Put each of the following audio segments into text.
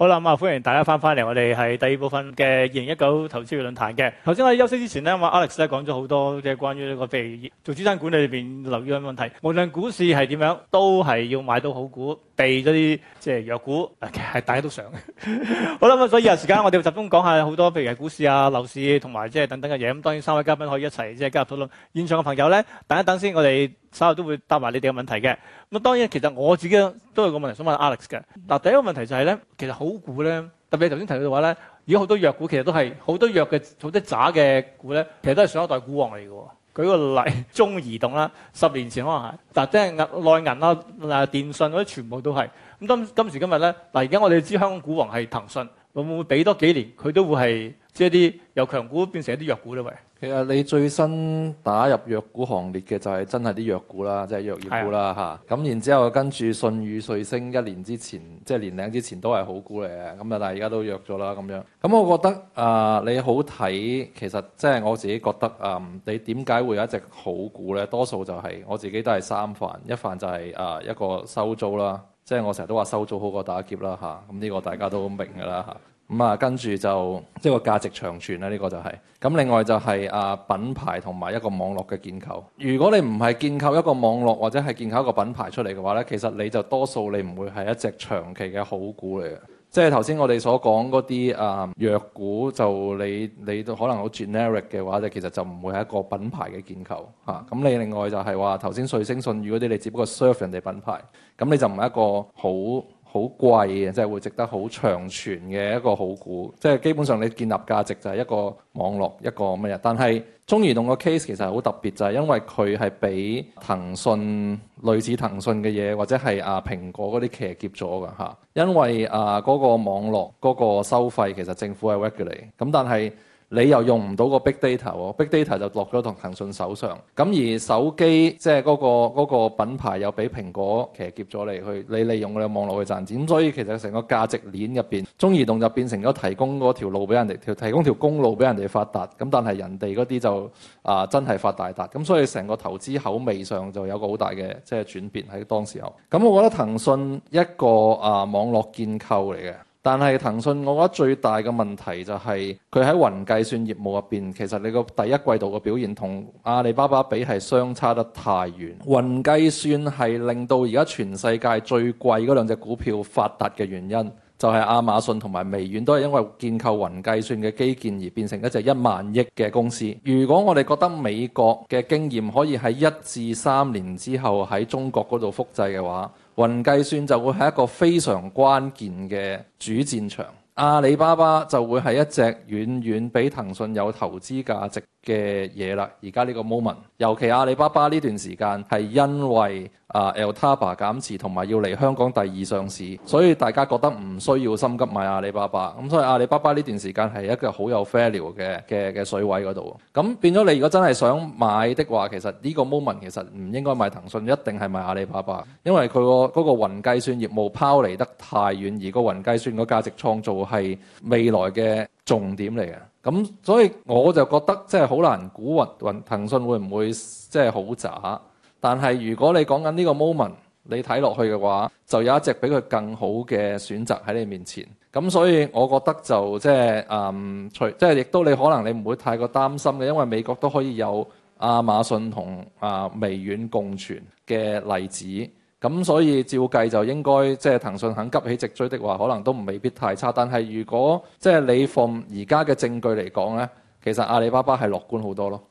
好啦，咁啊，歡迎大家翻返嚟，我哋係第二部分嘅二零一九投資月論壇嘅。頭先喺休息之前呢，我 Alex 咧講咗好多，即係關於呢個譬如做資產管理裏面留意嘅問題。無論股市係點樣，都係要買到好股。避咗啲即係弱股，其實大家都想 好啦，咁所以有時間我哋會集中講下好多，譬如係股市啊、樓市同埋即係等等嘅嘢。咁當然三位嘉賓可以一齊即係加入討論。現場嘅朋友咧，等一等先，我哋稍後都會答埋你哋嘅問題嘅。咁當然，其實我自己都有個問題想問 Alex 嘅。嗱，第一個問題就係咧，其實好股咧，特別頭先提到話咧，如果好多弱股其實都係好多弱嘅、好多渣嘅股咧，其實都係上一代股王嚟㗎。舉個例，中移動啦，十年前可能係，但係，即係銀內銀啦，啊電信嗰啲全部都係。咁今今時今日咧，嗱，而家我哋知香港股王係騰訊，會唔會俾多幾年，佢都會係即係啲由強股變成一啲弱股咧？喂？其實你最新打入藥股行列嘅就係真係啲藥股啦，即係藥業股啦嚇。咁的、啊、然之後跟住舜宇瑞聲一年之前，即、就、係、是、年零之前都係好股嚟嘅。咁啊，但係而家都約咗啦咁樣。咁我覺得啊、呃，你好睇其實即係、就是、我自己覺得啊、呃，你點解會有一隻好股咧？多數就係我自己都係三飯，一飯就係、是、啊、呃、一個收租啦。即係我成日都話收租好過打劫啦吓，咁、啊、呢、這個大家都好明嘅啦吓。啊咁、嗯，這個就是這個、啊，跟住就即係個價值長存啦，呢個就係、是。咁另外就係、是、啊品牌同埋一個網絡嘅建構。如果你唔係建構一個網絡或者係建構一個品牌出嚟嘅話咧，其實你就多數你唔會係一隻長期嘅好股嚟嘅。即係頭先我哋所講嗰啲啊弱股，就你你都可能好 generic 嘅話，就其實就唔會係一個品牌嘅建構嚇。咁、啊、你另外就係話頭先瑞聲舜宇嗰啲，你只不過 serve 人哋品牌，咁你就唔係一個好。好貴嘅，即係會值得好長存嘅一個好股，即係基本上你建立價值就係一個網絡、一個乜嘢。但係中移動個 case 其實好特別，就係、是、因為佢係畀騰訊類似騰訊嘅嘢，或者係啊蘋果嗰啲騎劫咗㗎吓。因為啊嗰個網絡嗰、那個收費其實政府係 regulate 嚟，咁但係。你又用唔到個 Big Data 喎，Big Data 就落咗同騰訊手上。咁而手機即係嗰個品牌又俾蘋果其實劫咗你去，你利用你網絡去賺錢。咁所以其實成個價值鏈入邊，中移動就變成咗提供嗰條路俾人哋，條提供條公路俾人哋發達。咁但係人哋嗰啲就啊、呃、真係發大達。咁所以成個投資口味上就有個好大嘅即係轉變喺當時候。咁我覺得騰訊一個啊網絡建構嚟嘅。但係騰訊，我覺得最大嘅問題就係佢喺雲計算業務入邊，其實你個第一季度嘅表現同阿里巴巴比係相差得太遠。雲計算係令到而家全世界最貴嗰兩隻股票發達嘅原因，就係亞馬遜同埋微軟都係因為建構雲計算嘅基建而變成一隻一萬億嘅公司。如果我哋覺得美國嘅經驗可以喺一至三年之後喺中國嗰度複製嘅話，雲計算就會係一個非常關鍵嘅主戰場，阿里巴巴就會係一隻遠遠比騰訊有投資價值嘅嘢啦。而家呢個 moment，尤其阿里巴巴呢段時間，係因為。啊，L.T.A.B.A. 減持同埋要嚟香港第二上市，所以大家覺得唔需要心急買阿里巴巴。咁所以阿里巴巴呢段時間係一個好有 fairly 嘅嘅嘅水位嗰度。咁變咗你如果真係想買的話，其實呢個 moment 其實唔應該買騰訊，一定係買阿里巴巴，因為佢個嗰個雲計算業務拋離得太遠，而個雲計算個價值創造係未來嘅重點嚟嘅。咁所以我就覺得即係好難估雲雲騰訊會唔會即係好渣。但係如果你講緊呢個 moment，你睇落去嘅話，就有一隻俾佢更好嘅選擇喺你面前。咁所以我覺得就即係誒，除即係亦都你可能你唔會太過擔心嘅，因為美國都可以有亞馬遜同阿微軟共存嘅例子。咁所以照計就應該即係騰訊肯急起直追的話，可能都未必太差。但係如果即係你從而家嘅證據嚟講咧，其實阿里巴巴係樂觀好多咯。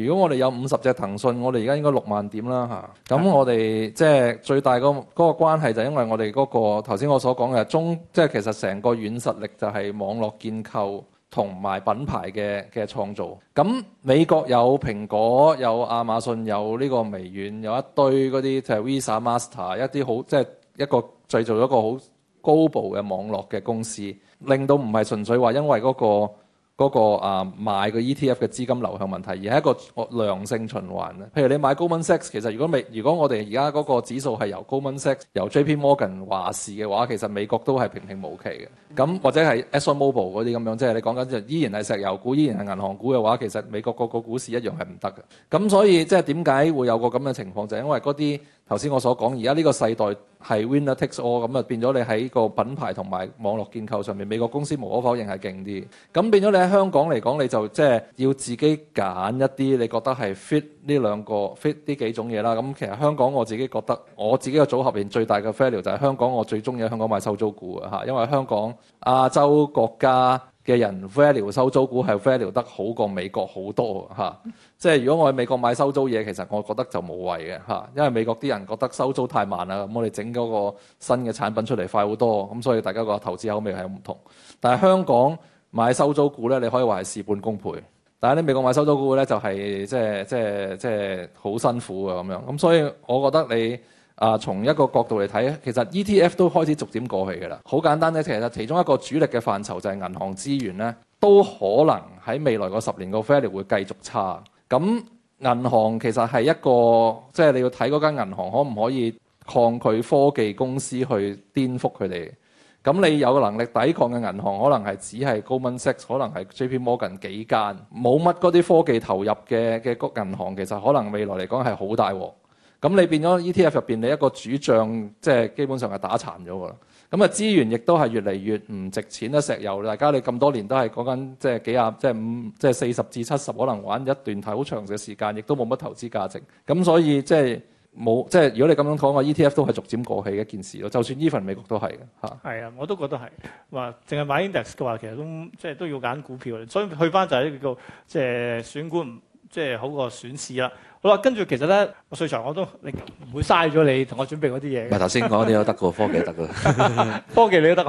如果我哋有五十隻騰訊，我哋而家應該六萬點啦嚇。咁、嗯、我哋即係最大個嗰個關係就係因為我哋嗰、那個頭先我所講嘅中，即、就、係、是、其實成個軟實力就係網絡建構同埋品牌嘅嘅創造。咁美國有蘋果，有亞馬遜，有呢個微軟，有一堆嗰啲就係、是、Visa、Master，一啲好即係、就是、一個製造咗個好高部嘅網絡嘅公司，令到唔係純粹話因為嗰、那個。嗰、那個啊買個 ETF 嘅資金流向問題，而係一個良性循環咧。譬如你買 Goldman Sachs，其實如果未如果我哋而家嗰個指數係由 Goldman Sachs 由 JP Morgan 話事嘅話，其實美國都係平平無奇嘅。咁或者係 Exxon Mobil 嗰啲咁樣，即係你講緊就依然係石油股、依然係銀行股嘅話，其實美國個個股市一樣係唔得嘅。咁所以即係點解會有個咁嘅情況，就係、是、因為嗰啲。頭先我所講，而家呢個世代係 winner takes all，咁啊變咗你喺個品牌同埋網絡建構上面，美國公司無可否認係勁啲。咁變咗你喺香港嚟講，你就即係要自己揀一啲你覺得係 fit 呢兩個 fit 呢幾種嘢啦。咁其實香港我自己覺得，我自己嘅組合入面最大嘅 failure 就係香港，我最中意喺香港買收租股啊嚇，因為香港亞洲國家。嘅人 value 收租股係 value 得好過美國好多吓、啊，即係如果我喺美國買收租嘢，其實我覺得就冇謂嘅吓、啊，因為美國啲人覺得收租太慢啦，咁我哋整嗰個新嘅產品出嚟快好多，咁所以大家個投資口味係唔同。但係香港買收租股咧，你可以話係事半功倍。但係你美國買收租股咧，就係即係即係即係好辛苦㗎咁樣。咁所以我覺得你。啊，從一個角度嚟睇，其實 ETF 都開始逐點過去㗎啦。好簡單咧，其實其中一個主力嘅範疇就係銀行資源咧，都可能喺未來個十年個 value 會繼續差。咁銀行其實係一個即係、就是、你要睇嗰間銀行可唔可以抗拒科技公司去顛覆佢哋。咁你有能力抵抗嘅銀行，可能係只係 Goldman Sachs，可能係 JP Morgan 幾間。冇乜嗰啲科技投入嘅嘅個銀行，其實可能未來嚟講係好大鑊。咁你變咗 ETF 入邊，你一個主將即係基本上係打殘咗噶啦。咁啊資源亦都係越嚟越唔值錢啦。石油，大家你咁多年都係講緊即係幾廿，即係五，即係四十至七十，可能玩一段好長嘅時間，亦都冇乜投資價值。咁所以即係冇，即係如果你咁樣講，個 ETF 都係逐漸過去嘅一件事咯。就算依份美國都係嘅嚇。啊，啊，我都覺得係話淨係買 index 嘅話，其實都即係都要揀股票。所以去翻就係呢個即係選股，即係好過選市啦。好啦，跟住其實咧，睡我最長我都你唔會嘥咗你同我準備嗰啲嘢。唔係頭先講啲都得個科技得個，科技， 科技你都得。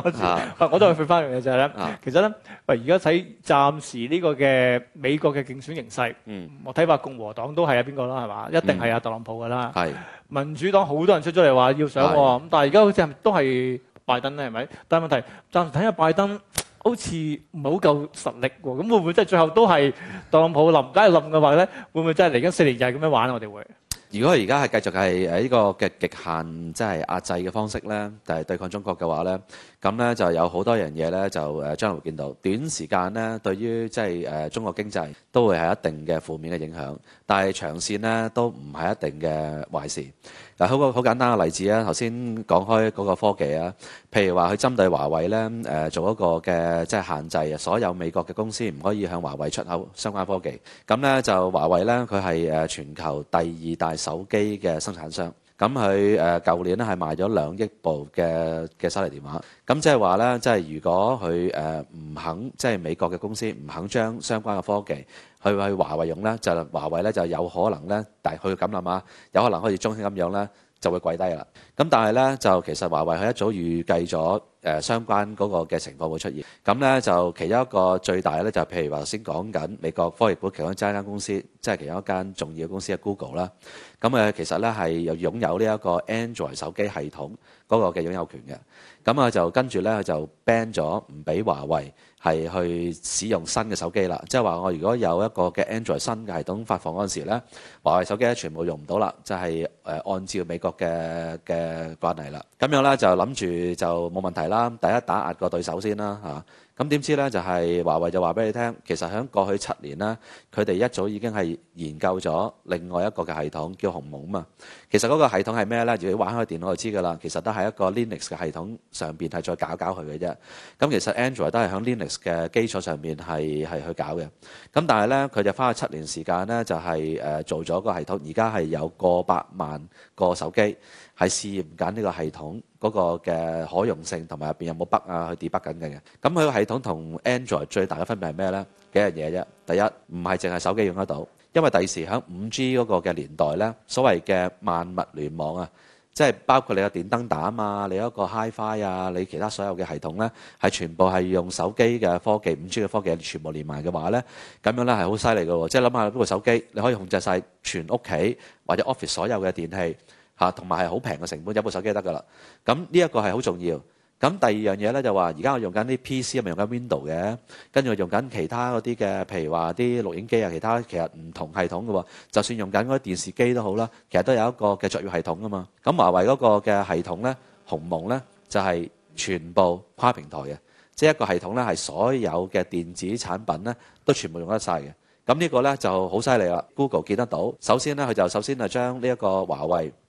我 我都係回翻樣嘢就係、是、咧， 其實咧，而家睇暫時呢個嘅美國嘅競選形勢，嗯、我睇法共和黨都係啊邊個啦？係嘛，一定係啊特朗普㗎啦。係、嗯、民主黨好多人出咗嚟話要上，咁的但係而家好似都係拜登咧，係咪？但係問題暫時睇下拜登。好似唔好夠實力喎，咁會唔會即係最後都係特朗普冧街，冧嘅話呢？會唔會真係嚟緊四年就係咁樣玩？我哋會如果而家係繼續係誒呢個嘅極限，即係壓制嘅方式呢，就係對抗中國嘅話呢，咁呢就有好多樣嘢呢。就誒將來會見到短時間呢對於即係中國經濟都會係一定嘅負面嘅影響，但係長線呢都唔係一定嘅壞事。嗱，好個好簡單嘅例子啊，頭先講開嗰個科技啊，譬如話佢針對華為呢，誒做一個嘅即係限制，所有美國嘅公司唔可以向華為出口相關科技。咁呢就華為呢，佢係誒全球第二大手機嘅生產商。咁佢誒舊年呢係賣咗兩億部嘅嘅手提電話。咁即係話呢，即係如果佢誒唔肯，即係美國嘅公司唔肯將相關嘅科技。去去華為用咧，就華為咧就有可能咧，但係佢咁諗啦嘛，有可能好似中興咁樣咧，就會跪低啦。咁但係咧，就其實華為佢一早預計咗誒相關嗰個嘅情況會出現。咁、嗯、咧就其中一個最大咧就譬如話先講緊美國科技股其中一間公司，即、就、係、是、其中一間重要嘅公司嘅 Google 啦。咁誒其實咧係又擁有呢一個 Android 手機系統。嗰個嘅擁有權嘅，咁啊就跟住呢，佢就 ban 咗唔俾華為係去使用新嘅手機啦，即係話我如果有一個嘅 Android 新嘅系統發放嗰陣時呢，華為手機全部用唔到啦，就係誒按照美國嘅嘅慣例啦，咁樣呢，就諗住就冇問題啦，第一打壓個對手先啦嚇。咁點知呢？就係華為就話俾你聽，其實喺過去七年呢，佢哋一早已經係研究咗另外一個嘅系統，叫鴻蒙嘛。其實嗰個系統係咩呢？如果你玩開電腦就知㗎啦。其實都係一個 Linux 嘅系統上邊係再搞搞佢嘅啫。咁其實 Android 都係喺 Linux 嘅基礎上面係係去搞嘅。咁但係呢，佢就花咗七年時間呢，就係誒做咗個系統。而家係有過百萬個手機係試驗緊呢個系統。嗰個嘅可用性同埋入邊有冇 bug 啊？佢 debug 緊嘅，咁佢個系統同 Android 最大嘅分別係咩呢？幾樣嘢啫。第一，唔係淨係手機用得到，因為第時響 5G 嗰個嘅年代呢，所謂嘅萬物聯網啊，即係包括你個電燈膽啊，你有一個 HiFi 啊，你其他所有嘅系統呢，係全部係用手機嘅科技、5G 嘅科技全部連埋嘅話呢，咁樣呢係好犀利嘅。即係諗下呢部手機，你可以控制晒全屋企或者 office 所有嘅電器。嚇，同埋係好平嘅成本，有部手機得㗎啦。咁呢一個係好重要。咁第二樣嘢咧就話、是，而家我在用緊啲 PC，咪用緊 Windows 嘅，跟住我用緊其他嗰啲嘅，譬如話啲錄影機啊，其他其實唔同系統嘅喎。就算用緊嗰啲電視機都好啦，其實都有一個嘅作業系統㗎嘛。咁華為嗰個嘅系統咧，鴻蒙咧就係、是、全部跨平台嘅，即係一個系統咧係所有嘅電子產品咧都全部用得晒嘅。咁、這、呢個咧就好犀利啦。Google 見得到，首先咧佢就首先啊將呢一個華為。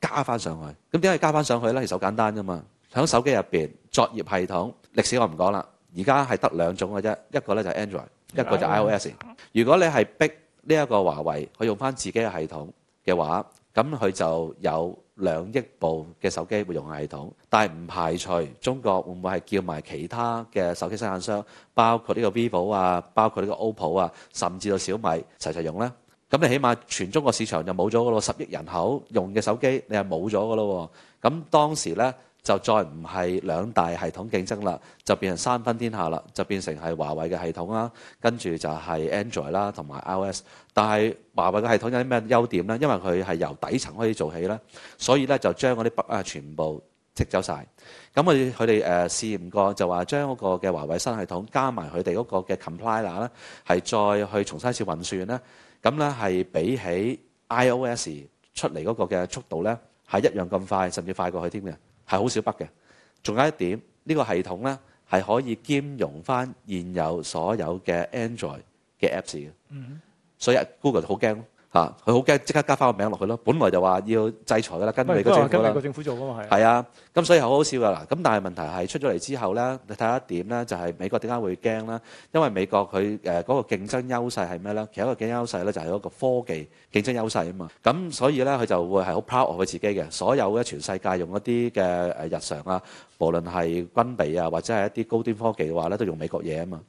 加翻上去，咁點解要加翻上去呢？其實好簡單啫嘛，響手機入邊作業系統，歷史我唔講啦。而家係得兩種嘅啫，一個呢就 Android，一個就 iOS。Yeah. 如果你係逼呢一個華為去用翻自己嘅系統嘅話，咁佢就有兩億部嘅手機會用系統，但係唔排除中國會唔會係叫埋其他嘅手機生產商，包括呢個 vivo 啊，包括呢個 OPPO 啊，甚至到小米齊齊用呢。咁你起碼全中國市場就冇咗個十億人口用嘅手機，你係冇咗噶咯。咁當時呢，就再唔係兩大系統競爭啦，就變成三分天下啦，就變成係華為嘅系統啦，跟住就係 Android 啦同埋 iOS。但係華為嘅系統有啲咩優點呢？因為佢係由底層開始做起啦，所以呢，就將嗰啲北啊全部積走晒。咁佢佢哋，誒試驗過就話將嗰個嘅華為新系統加埋佢哋嗰個嘅 compiler 咧，係再去重新一次運算呢。咁咧係比起 iOS 出嚟個嘅速度咧係一樣咁快，甚至快過去添嘅，係好少北嘅。仲有一點呢，這個系統咧係可以兼容翻現有所有嘅 Android 嘅 Apps 嘅，嗯哼、mm，hmm. 所以 Google 好驚。嚇！佢好驚，即刻加翻個名落去咯。本來就話要制裁噶啦，跟美，跟美國政府做噶嘛係。係啊，咁所以好好笑噶啦。咁但係問題係出咗嚟之後咧，你睇下一點咧，就係、是、美國點解會驚咧？因為美國佢誒嗰個競爭優勢係咩咧？其實一個競爭優勢咧就係一個科技競爭優勢啊嘛。咁所以咧佢就會係好 proud 佢自己嘅。所有咧全世界用一啲嘅誒日常啊，無論係軍備啊或者係一啲高端科技嘅話咧，都用美國嘢啊嘛。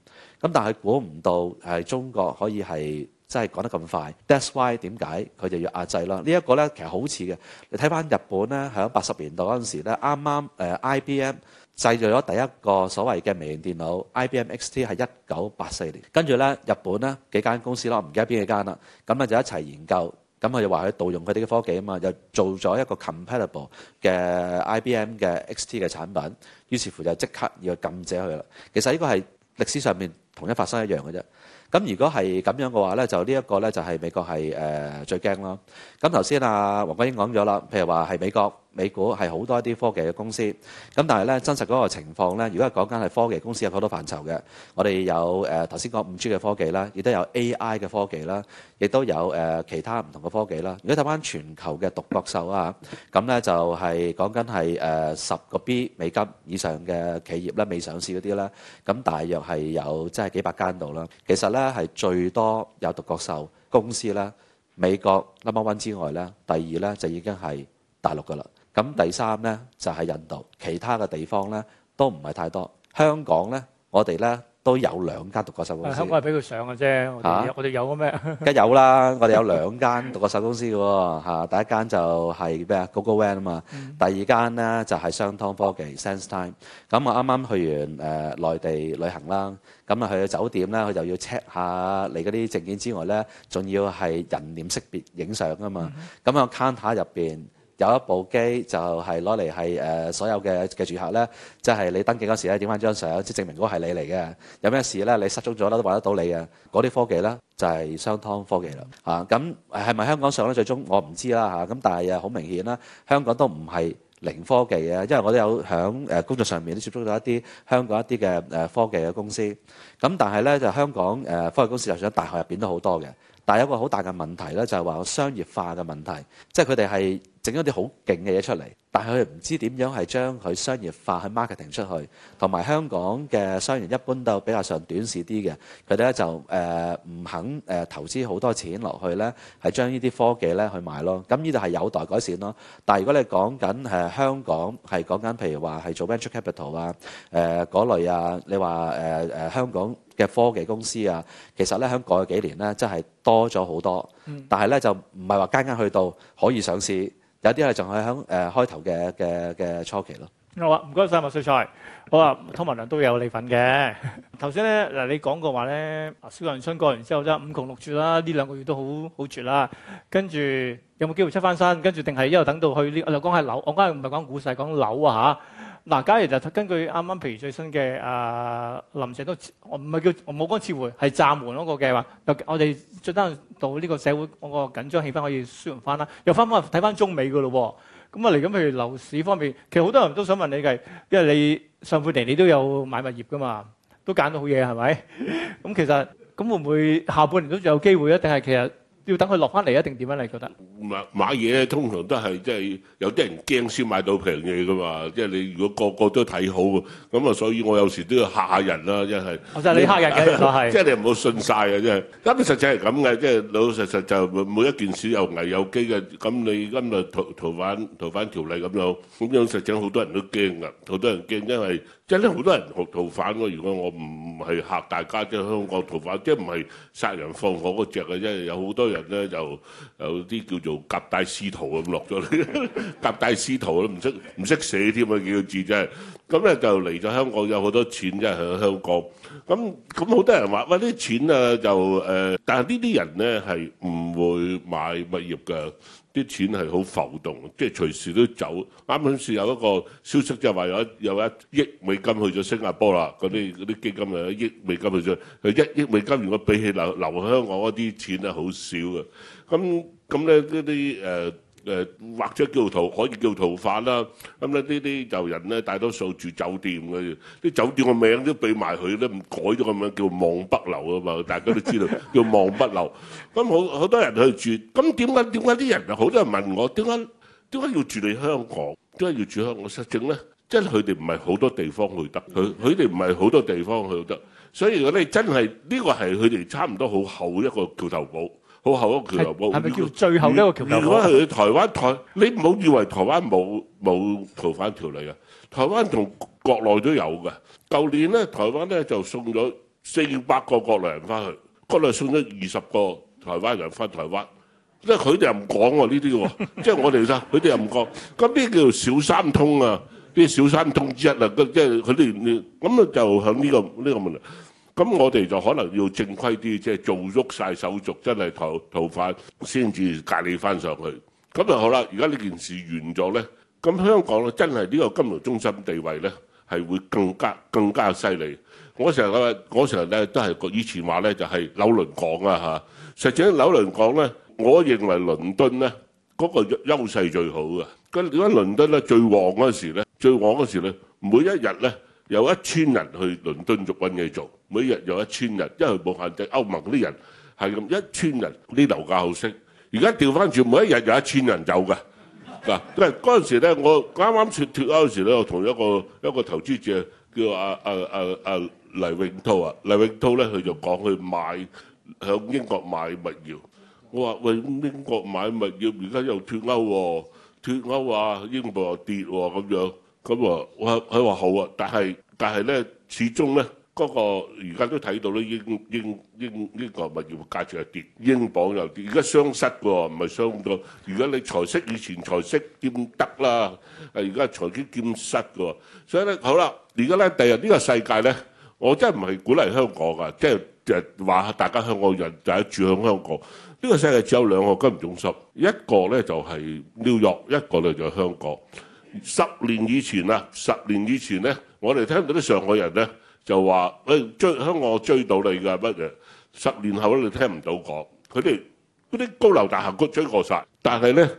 咁但係估唔到係中國可以係。真係講得咁快，that's why 點解佢就要壓制啦？呢一個呢，其實好似嘅。你睇翻日本呢，喺八十年代嗰陣時咧，啱啱誒 IBM 製造咗第一個所謂嘅微型電腦 IBM XT 係一九八四年，跟住呢，日本呢，幾間公司咯，唔記得邊幾間啦，咁咪就一齊研究，咁佢就話佢盜用佢哋嘅科技啊嘛，又做咗一個 compatible 嘅 IBM 嘅 XT 嘅產品，於是乎就即刻要禁止佢啦。其實呢個係歷史上面同一發生一樣嘅啫。咁如果係咁樣嘅話，呢就呢一個呢就係美國係、呃、最驚咯。咁頭先啊黃國英講咗啦，譬如話係美國。美股係好多啲科技嘅公司，咁但係咧真實嗰個情況呢，如果係講緊係科技公司，有好多範疇嘅。我哋有誒頭先講五 G 嘅科技啦，亦都有 AI 嘅科技啦，亦都有誒、呃、其他唔同嘅科技啦。如果睇翻全球嘅獨角獸啊，咁呢就係講緊係誒十個 B 美金以上嘅企業咧，未上市嗰啲咧，咁大約係有即係幾百間度啦。其實呢係最多有獨角獸公司啦，美國 number one 之外咧，第二咧就已經係大陸㗎啦。咁第三咧就係印度，其他嘅地方咧都唔係太多。香港咧，我哋咧都有兩間獨角獸公司。香港咪俾佢上嘅啫，嚇我哋有個咩？梗有啦，我哋有兩間獨角獸公司嘅喎嚇。第一間就係咩啊 GoGoVan 啊嘛。第二間咧就係商湯科技 SenseTime。咁 Sense 我啱啱去完誒內、呃、地旅行啦，咁啊去酒店咧，佢就要 check 下你嗰啲證件之外咧，仲要係人臉識別影相啊嘛。咁喺 counter 入邊。Hmm. 有一部機就係攞嚟係誒所有嘅嘅住客咧，即、就、係、是、你登記嗰時咧，影翻張相，即證明嗰個係你嚟嘅。有咩事咧？你失蹤咗啦，都揾得到你嘅。嗰啲科技咧就係商湯科技啦。嚇，咁係咪香港上咧？最終我唔知啦嚇。咁、啊、但係啊好明顯啦，香港都唔係零科技嘅，因為我都有響誒工作上面都接觸到一啲香港一啲嘅誒科技嘅公司。咁但係咧就是、香港誒科技公司就算大學入邊都好多嘅。但係有個好大嘅問題咧，就係、係、話商業化嘅問題，即係佢哋係整咗啲好勁嘅嘢出嚟，但係佢唔知點樣係將佢商業化去 marketing 出去，同埋香港嘅商人一般都比較上短視啲嘅，佢哋咧就誒唔、呃、肯誒、呃、投資好多錢落去咧，係將呢啲科技咧去賣咯。咁呢度係有待改善咯。但係如果你講緊誒香港係講緊譬如話係做 venture capital 啊誒嗰、呃、類啊，你話誒誒香港嘅科技公司啊，其實咧喺過去幾年咧，真係多咗好多。但係咧就唔係話間間去到可以上市，有啲咧仲係響誒開頭嘅嘅嘅初期咯。好啊，唔該曬麥萃才。好啊，湯文亮都有你份嘅。頭先咧嗱，你講過話咧，小陽春過完之後啫，五窮六絕啦，呢兩個月都好好絕啦。跟住有冇機會出翻身？跟住定係一路等到去呢？我哋講係樓，我梗係唔係講股市，講樓啊嚇。嗱，假如就根據啱啱，譬如最新嘅啊林鄭都我唔係叫我冇講撤回，係暫緩嗰個計劃，我哋再等到呢個社會嗰個緊張氣氛可以舒緩翻啦。又翻翻睇翻中美嘅咯，咁啊嚟緊譬如樓市方面，其實好多人都想問你嘅，因為你上半年你都有買物業㗎嘛，都揀到好嘢係咪？咁、 嗯、其實咁會唔會下半年都仲有機會啊？定係其實？要等佢落翻嚟啊？定點樣？你覺得買買嘢咧，通常都係即係有啲人驚先買到平嘢噶嘛。即係你如果個個都睇好，咁啊，所以我有時都要嚇下人啦。一係，其實你嚇人嘅，就係即係你唔好信曬啊。即係咁，實際係咁嘅。即係老老實實就每每一件事有危有機嘅。咁你今日逃逃犯逃犯條例咁樣，咁樣實際好多人都驚啊。好多人都驚，因為。即係咧，好多人學逃犯嘅。如果我唔係嚇大家，即係香港逃犯，即係唔係殺人放火嗰隻嘅啫。有好多人咧，就有啲叫做夾帶私逃咁落咗嚟，夾帶私逃都唔識唔識寫添啊幾個字啫、就係。咁咧就嚟咗香港有好多錢啫喺香港。咁咁好多人話：喂、哎，啲錢啊，就誒、呃。但係呢啲人咧係唔會買物業嘅。啲錢係好浮動，即係隨時都走。啱先時有一個消息就話有有一億美金去咗新加坡啦，嗰啲啲基金啊，一億美金去咗，一億美金。如果比起留留香港嗰啲錢咧，好少嘅。咁咁咧呢啲誒。誒或者叫逃可以叫逃法啦，咁咧呢啲就人咧大多數住酒店嘅，啲酒店個名都俾埋佢咧，唔改咗個名叫望北樓啊嘛，大家都知道叫望北樓。咁好好多人去住，咁點解點解啲人啊？好多人問我點解點解要住你香港？點解要住香港？實證咧，即係佢哋唔係好多地方去得，佢佢哋唔係好多地方去得，所以如果你真係呢個係佢哋差唔多好厚一個橋頭堡。好後一個橋頭堡，係咪叫最後一個橋頭堡？如果係台灣台，你唔好以為台灣冇冇逃犯條例嘅？台灣同國內都有嘅。舊年咧，台灣咧就送咗四百個國內人翻去，國內送咗二十個台灣人翻台灣。即係佢哋又唔講喎呢啲喎，哦、 即係我哋啦，佢哋又唔講。咁呢叫做小三通啊？啲小三通之一啦，即係佢哋咁啊，就響呢個呢個問題。咁我哋就可能要正規啲，即係做喐晒手續，真係逃逃犯先至隔離翻上去。咁啊好啦，而家呢件事完咗呢，咁香港咧真係呢個金融中心地位呢係會更加更加犀利。我成日講，我成日呢都係以前話呢，就係紐倫港啊吓，實際紐倫港呢，我認為倫敦呢嗰個優勢最好嘅。咁點解倫敦呢最旺嗰時呢，最旺嗰時呢每一日呢。有一千人去倫敦續揾嘢做，每日有一千人，因為冇限制。歐盟啲人係咁，一千人啲樓價好升。而家調翻轉，每一日有一千人走嘅。嗱，因為嗰陣時咧，我啱啱脫脫歐時咧，我同一個一個投資者叫阿阿阿阿黎永濤啊，黎永濤咧，佢就講去買響英國買物業。我話喂，英國買物業，而家又脫歐喎，脫歐啊，英國又跌喎，咁樣。咁啊，我佢話好啊，但係但係咧，始終咧嗰個而家都睇到咧，英英英呢個物業價值又跌，英鎊又跌，而家雙失喎，唔係雙多。而家你財息以前財息兼得啦，而家財息兼失嘅，所以咧好啦，而家咧第日呢個世界咧，我真係唔係管嚟香港㗎，即係話大家香港人就喺住響香港，呢個世界只有兩個金融中心，一個咧就係 New York，一個咧就係香港。十年以前啊，十年以前呢，我哋聽到啲上海人呢，就話，喂、哎，追香港追到你㗎乜嘢？十年後呢，你聽唔到講，佢哋嗰啲高樓大廈都追過晒。但係呢，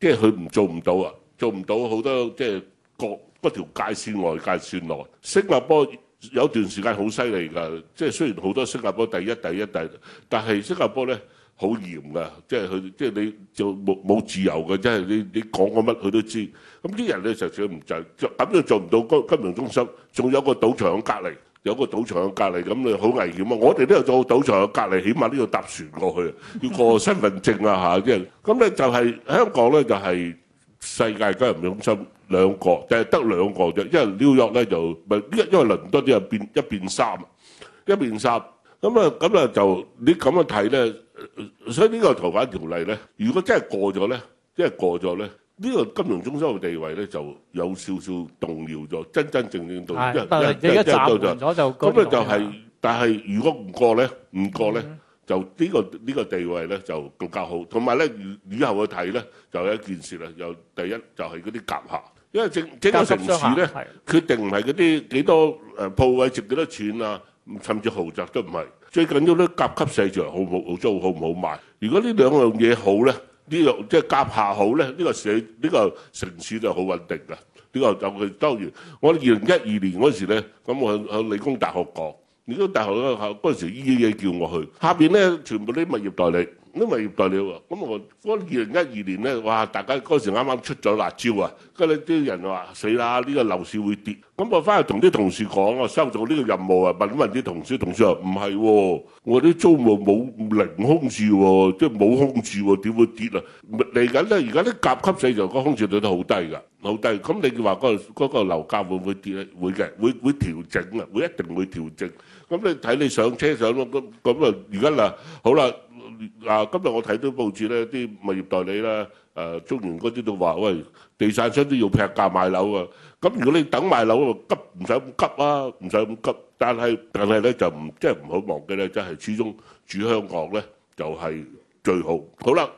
即係佢唔做唔到啊，做唔到好多即係各嗰條界線外界線內。新加坡有段時間好犀利㗎，即係雖然好多新加坡第一第一第一，但係新加坡呢。好嚴噶，即係佢，即係你做冇冇自由嘅，即係你你講過乜佢都知。咁啲人咧實在唔準，做咁又做唔到金金融中心，仲有個賭場隔離，有個賭場隔離，咁你好危險啊！我哋都有做賭場隔離，起碼都要搭船過去，要個身份證啊嚇。即係咁咧，就係香港咧，就係世界金融中心兩個，就係得兩個啫。因為紐約咧就唔係，因為倫敦啲又變一變三，一變三。咁啊，咁啊，就你咁樣睇咧，所以呢個逃犯條例咧，如果真係過咗咧，真係過咗咧，呢、這個金融中心嘅地位咧就有少少動搖咗，真真正正到的為一正一是一就咗就咁、是、啊，就係、這個。但係如果唔過咧，唔過咧，就呢個呢個地位咧就更加好。同埋咧，以以後去睇咧，就有一件事啦。又第一就係嗰啲夾客，因為整整個城市咧，的決定唔係嗰啲幾多誒鋪位值幾多錢啊。甚至豪宅都唔係，最緊要咧甲級寫字樓好唔好，好租好唔好賣？如果呢兩樣嘢好咧，呢、這個即係、就是、甲下好咧，呢、這個社呢、這個城市就好穩定噶。呢、這個就佢當然，我二零一二年嗰時咧，咁我響理工大學講，理工大學嗰個嗰時依啲嘢叫我去，下邊咧全部啲物業代理。因為業代了，咁我嗰二零一二年咧，哇！大家嗰時啱啱出咗辣椒啊，跟住啲人話死啦，呢個樓市會跌。咁我翻去同啲同事講，我收咗呢個任務啊，問問啲同事，啲同事話唔係喎，我啲租務冇零空置喎，即係冇空置喎，點會跌啊？嚟緊咧，而家啲甲級市場個空置率都好低㗎，好低。咁你話嗰個嗰個樓價會唔會跌咧？會嘅，會會調整啊，會一定會調整。咁你睇你上車上咯，咁咁啊！而家啦，好啦。嗱，今日我睇到報紙咧，啲物業代理啦，誒，中原嗰啲都話，喂，地產商都要劈價賣樓啊。咁如果你等買樓，急唔使咁急啊，唔使咁急。但係但係咧就唔即係唔好忘記咧，即係始終住香港咧就係最好。好啦，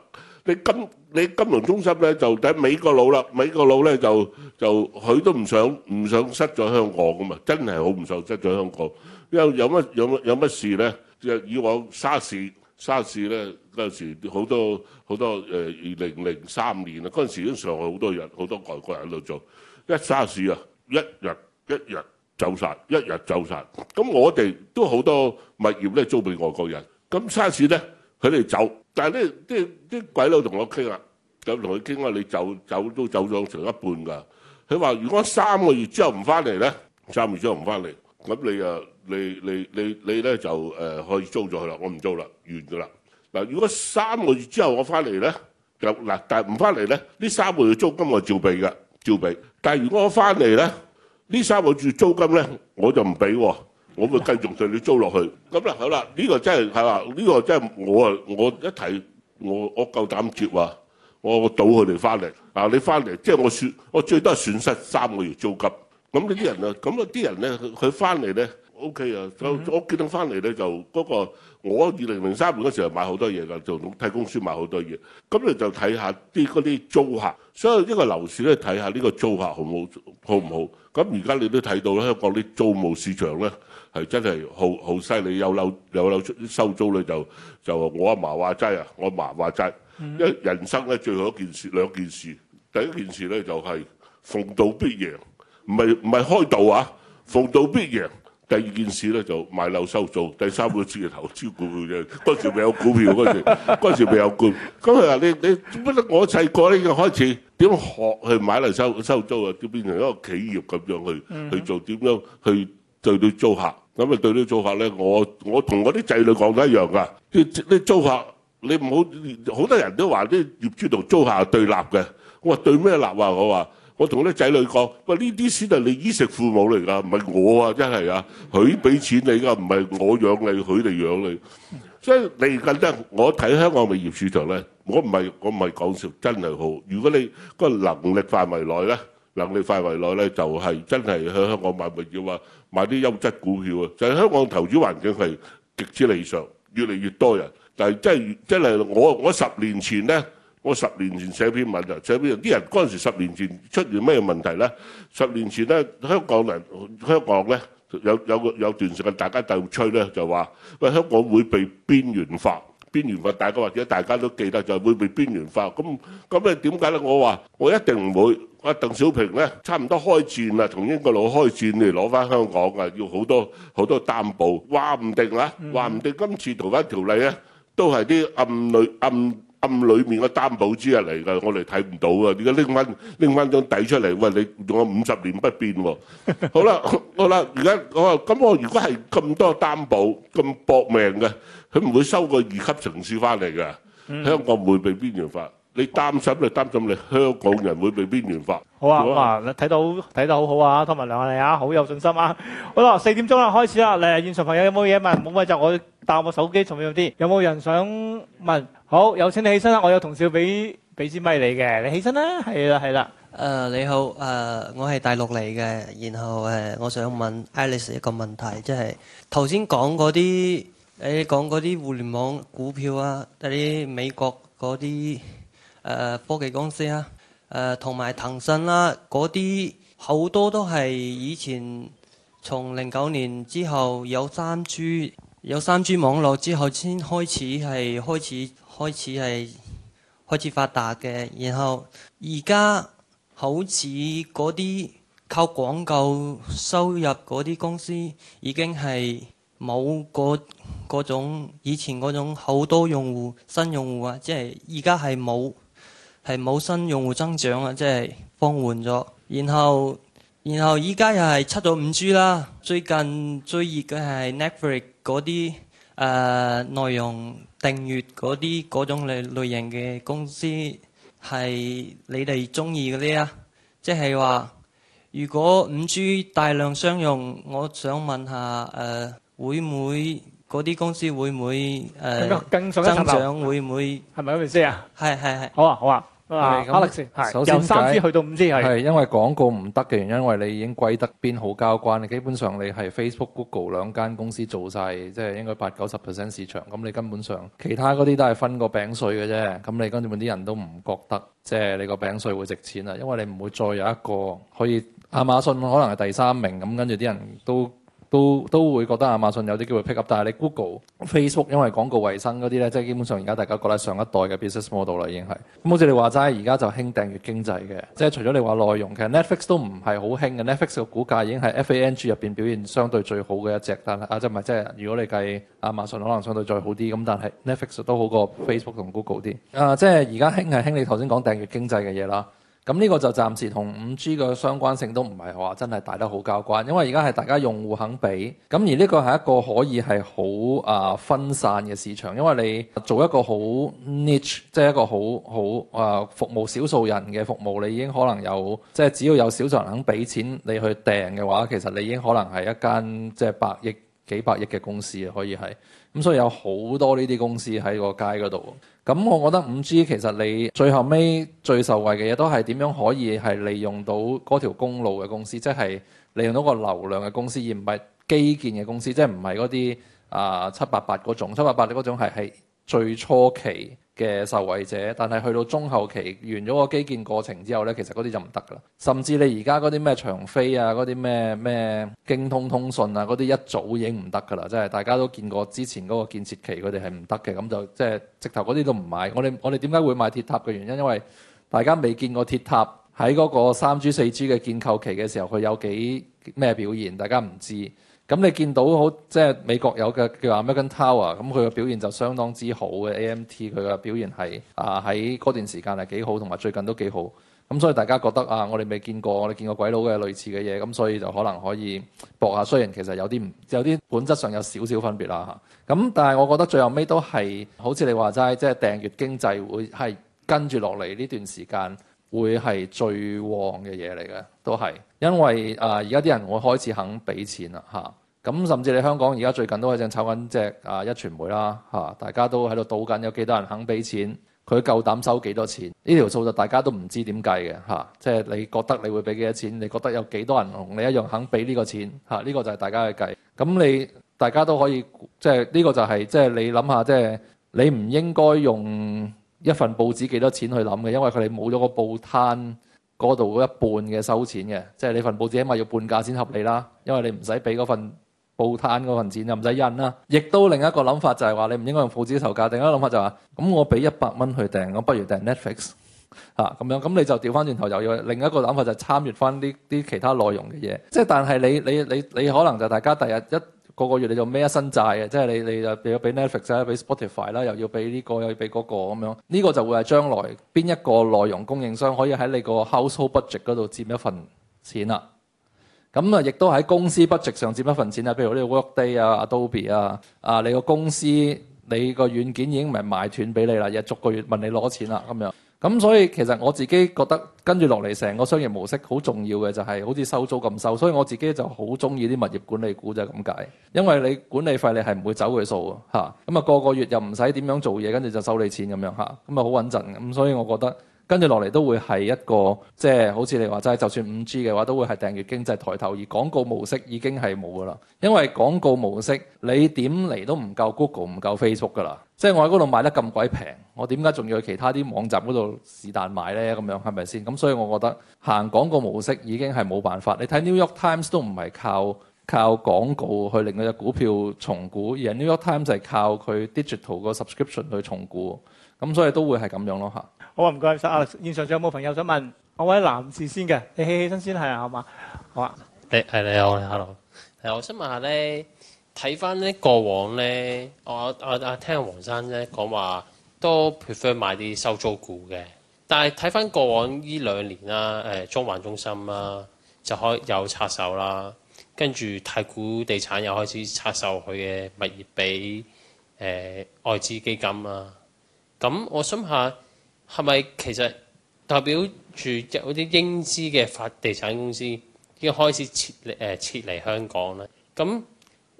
你金你金融中心咧就喺美國佬啦，美國佬咧就就佢都唔想唔想失咗香港㗎嘛，真係好唔想失咗香港。因為有乜有乜有乜事咧？即係以往沙士。沙士咧嗰陣時好多好多誒二零零三年啊，嗰陣時已經上海好多人好多外國人喺度做，一沙士啊一日一日走晒，一日走晒。咁我哋都好多物業咧租俾外國人，咁沙士咧佢哋走，但係呢啲啲鬼佬同我傾啦、啊，咁同佢傾話你走走都走咗成一半㗎。佢話如果三個月之後唔翻嚟咧，三個月之後唔翻嚟。咁你啊，你你你你咧就誒可以租咗佢啦，我唔租啦，完噶啦。嗱，如果三個月之後我翻嚟咧，就嗱，但係唔翻嚟咧，呢三個月租金我照俾嘅，照俾。但係如果我翻嚟咧，呢三個月租金咧我就唔俾喎，我會繼續同你租落去。咁啦，好啦，呢、這個真、就、係、是，係話呢個真係我啊，我一睇，我我夠膽接話，我賭佢哋翻嚟。嗱、啊，你翻嚟即係我損，我最多係損失三個月租金。咁呢啲人啊，咁啊啲人咧，佢佢翻嚟咧，O K 啊。就我見到翻嚟咧，就、嗰、嗰個我二零零三年嗰時候買好多嘢㗎，就睇公司買好多嘢。咁你就睇下啲嗰啲租客，所以呢個樓市咧睇下呢個租客好唔好唔好。咁而家你都睇到啦，香港啲租務市場咧係真係好好犀利，有樓有樓出啲收租咧就、就我阿嫲話齋啊，我阿嫲話齋，因為人生咧最後一件事兩件事，第一件事咧就係、係逢到必贏。唔係唔係開道啊！逢道必贏。第二件事咧就買樓收租。第三個專業投資股票，啫嗰時未有股票，嗰時嗰時未有股。咁佢話你你點乜得？我細個咧就開始點學去買樓收收租啊，變成一個企業咁樣去去做點樣去對到租客。咁啊對到租客咧，我我同我啲仔女講得一樣噶。啲啲租客你唔好好多人都話啲業主同租客係對立嘅。我話對咩立啊？我話。我同啲仔女講：喂，呢啲先係你衣食父母嚟㗎，唔係我啊！真係啊，佢俾錢你㗎，唔係我養你，佢嚟養你。所以你覺得我睇香港物業市場呢，我唔係我唔係講笑，真係好。如果你個能力範圍內呢，能力範圍內呢，就係真係喺香港買物業啊，買啲優質股票啊。就係香港投資環境係極之理想，越嚟越多人。但係真係真係，我我十年前呢。我十年前寫篇文啊，寫篇文，啲人嗰陣時十年前出現咩問題咧？十年前咧，香港人香港咧，有有個有段時間大家就吹咧，就話喂，香港會被邊緣化，邊緣化，大家或者大家都記得就會被邊緣化。咁咁誒點解咧？我話我一定唔會。阿鄧小平咧，差唔多開戰啦，同英國佬開戰嚟攞返香港啊，要好多好多擔保，話唔定啦，話唔定今次逃犯條例咧都係啲暗雷暗暗裏面嘅擔保之嘢嚟噶，我哋睇唔到啊！而家拎翻拎翻張底出嚟，喂，你仲有五十年不變喎？好啦，好啦，而家我話咁，我如果係咁多擔保咁搏命嘅，佢唔會收個二級城市翻嚟噶，香港唔會被邊緣化。你擔心就擔心你香港人會被邊緣化。好啊，好啊，睇到睇得好好啊，湯文亮你啊，好有信心啊！好啦，四點鐘啦，開始啦。嚟現場朋友有冇嘢問？冇咪就我帶我手機重要啲。有冇人想問？好，有請你起身啦！我有同事俾俾支咪你嘅，你起身啦。係啦，係啦。誒、呃、你好，誒、呃、我係大陸嚟嘅，然後誒、呃、我想問 Alice 一個問題，即係頭先講嗰啲，誒講嗰啲互聯網股票啊，嗰啲美國嗰啲誒科技公司啊，誒同埋騰訊啦嗰啲好多都係以前從零九年之後有三 G 有三 G 網絡之後先開始係開始。開始係開始發達嘅，然後而家好似嗰啲靠廣告收入嗰啲公司已經係冇嗰種以前嗰種好多用戶新用戶啊，即係而家係冇係冇新用戶增長啊，即係放緩咗。然後然後依家又係出咗五 G 啦，最近最熱嘅係 Netflix 嗰啲誒內容。訂閱嗰啲嗰種類類型嘅公司係你哋鍾意嗰啲啊，即係話如果五 G 大量商用，我想問下誒會唔會嗰啲公司會唔會誒增長會唔會係咪咁意思啊？係係係。好啊好啊。嗯、啊 a l、嗯、先，x 由三支去到五支，係係是是因為廣告唔得嘅原因，因為你已經歸得邊好交關，你基本上你係 Facebook、Google 兩間公司做晒，即、就、係、是、應該八九十 percent 市場，咁你根本上其他嗰啲都係分個餅碎嘅啫。咁、嗯、你根本啲人都唔覺得，即、就、係、是、你個餅碎會值錢啊，嗯、因為你唔會再有一個可以亞馬遜可能係第三名咁，跟住啲人都。都都會覺得亞馬遜有啲機會 pick up，但係你 Google、Facebook 因為廣告為生嗰啲咧，即係基本上而家大家覺得上一代嘅 business model 啦，已經係咁。好似你話齋，而家就興訂閱經濟嘅，即係除咗你話內容，其實 Netflix 都唔係好興嘅。Netflix 嘅股價已經係 FANG 入邊表現相對最好嘅一隻啦。啊，即係唔係即係如果你計亞馬遜可能相對再好啲，咁但係 Netflix 都好過 Facebook 同 Google 啲。啊，即係而家興係興你頭先講訂閱經濟嘅嘢啦。咁呢個就暫時同五 G 嘅相關性都唔係話真係大得好交關，因為而家係大家用戶肯俾，咁而呢個係一個可以係好啊分散嘅市場，因為你做一個好 niche，即係一個好好啊服務少數人嘅服務，你已經可能有即係、就是、只要有少數人肯俾錢你去訂嘅話，其實你已經可能係一間即係百億幾百億嘅公司啊，可以係咁，所以有好多呢啲公司喺個街嗰度。咁我覺得五 G 其實你最後尾最受惠嘅嘢都係點樣可以係利用到嗰條公路嘅公司，即係利用到個流量嘅公司，而唔係基建嘅公司，即係唔係嗰啲啊七八八嗰種，七八八你嗰種係係最初期嘅受惠者，但係去到中後期完咗個基建過程之後咧，其實嗰啲就唔得噶啦。甚至你而家嗰啲咩長飛啊，嗰啲咩咩京通通訊啊，嗰啲一早已經唔得噶啦。即係大家都見過之前嗰個建設期佢哋係唔得嘅，咁就即係直頭嗰啲都唔買，我哋我哋點解會買鐵塔嘅原因，因為大家未見過鐵塔喺嗰個三 G 四 G 嘅建構期嘅時候，佢有幾咩表現大家唔知。咁、嗯、你見到好即係美國有嘅叫話 American Tower，咁佢嘅表現就相當之好嘅，AMT 佢嘅表現係啊喺嗰段時間係幾好，同埋最近都幾好。咁、嗯、所以大家覺得啊，我哋未見過，我哋見過鬼佬嘅類似嘅嘢，咁、嗯、所以就可能可以搏下，雖然其實有啲唔有啲本質上有少少分別啦嚇。咁、啊嗯、但係我覺得最後尾都係好似你話齋，即係訂閱經濟會係跟住落嚟呢段時間會係最旺嘅嘢嚟嘅，都係因為啊而家啲人會開始肯俾錢啦嚇。啊咁甚至你香港而家最近都喺正炒緊隻啊壹傳媒啦嚇，大家都喺度賭緊有幾多人肯俾錢，佢夠膽收幾多錢？呢條數就大家都唔知點計嘅嚇，即係你覺得你會俾幾多錢，你覺得有幾多人同你一樣肯俾呢個錢嚇？呢個就係大家去計。咁你大家都可以即係呢個就係即係你諗下即係你唔應該用一份報紙幾多錢去諗嘅，因為佢哋冇咗個報攤嗰度一半嘅收錢嘅，即係你份報紙起碼要半價先合理啦，因為你唔使俾嗰份。報攤嗰份錢就唔使印啦，亦都另一個諗法就係、係、話你唔應該用報紙售價。另一個諗法就話、係，咁我俾一百蚊去訂，我不如訂 Netflix 嚇、啊、咁樣，咁你就調翻轉頭又要另一個諗法就參與翻啲啲其他內容嘅嘢。即係但係你你你你可能就大家第日一個個月你就孭一身債嘅，即係你你就要 flix，又要俾 Netflix 啦，俾 Spotify 啦、呢個，又要俾呢、嗰個又要俾嗰個咁樣。呢、呢個就會係將來邊一個內容供應商可以喺你個 household budget 嗰度佔一份錢啦。咁啊，亦都喺公司不值上佔一份錢啊，譬如呢個 Workday 啊、Adobe 啊，啊你個公司你個軟件已經唔係賣斷俾你啦，日逐個月問你攞錢啦咁樣。咁所以其實我自己覺得跟住落嚟成個商業模式好重要嘅就係好似收租咁收，所以我自己就好中意啲物業管理股就係咁解，因為你管理費你係唔會走佢數啊。嚇。咁啊個個月又唔使點樣做嘢，跟住就收你錢咁樣嚇，咁啊好穩陣嘅。咁所以我覺得，跟住落嚟都會係一個，即係好似你話齋，就算五 G 嘅話，都會係訂閱經濟抬頭，而廣告模式已經係冇噶啦。因為廣告模式你點嚟都唔夠 Google 唔夠 Facebook 噶啦，即係我喺嗰度買得咁鬼平，我點解仲要去其他啲網站嗰度是但買呢？咁樣係咪先？咁所以我覺得行廣告模式已經係冇辦法。你睇 New York Times 都唔係靠靠廣告去令嗰隻股票重估，而係 New York Times 係靠佢 digital 個 subscription 去重估，咁所以都會係咁樣咯吓。好啊，唔該晒啊！現場仲有冇朋友想問？我位男士先嘅，你起起身先係啊，好嘛？好啊，你係你好 hello。係，我想問下咧，睇翻咧過往咧，我我我聽黃生咧講話都 prefer 買啲收租股嘅，但係睇翻過往呢兩年啦，誒中環中心啦就開有拆售啦，跟住太古地產又開始拆售佢嘅物業俾誒、呃、外資基金啦。咁我想下。係咪其實代表住有啲英資嘅發地產公司已經開始撤誒、呃、撤離香港咧？咁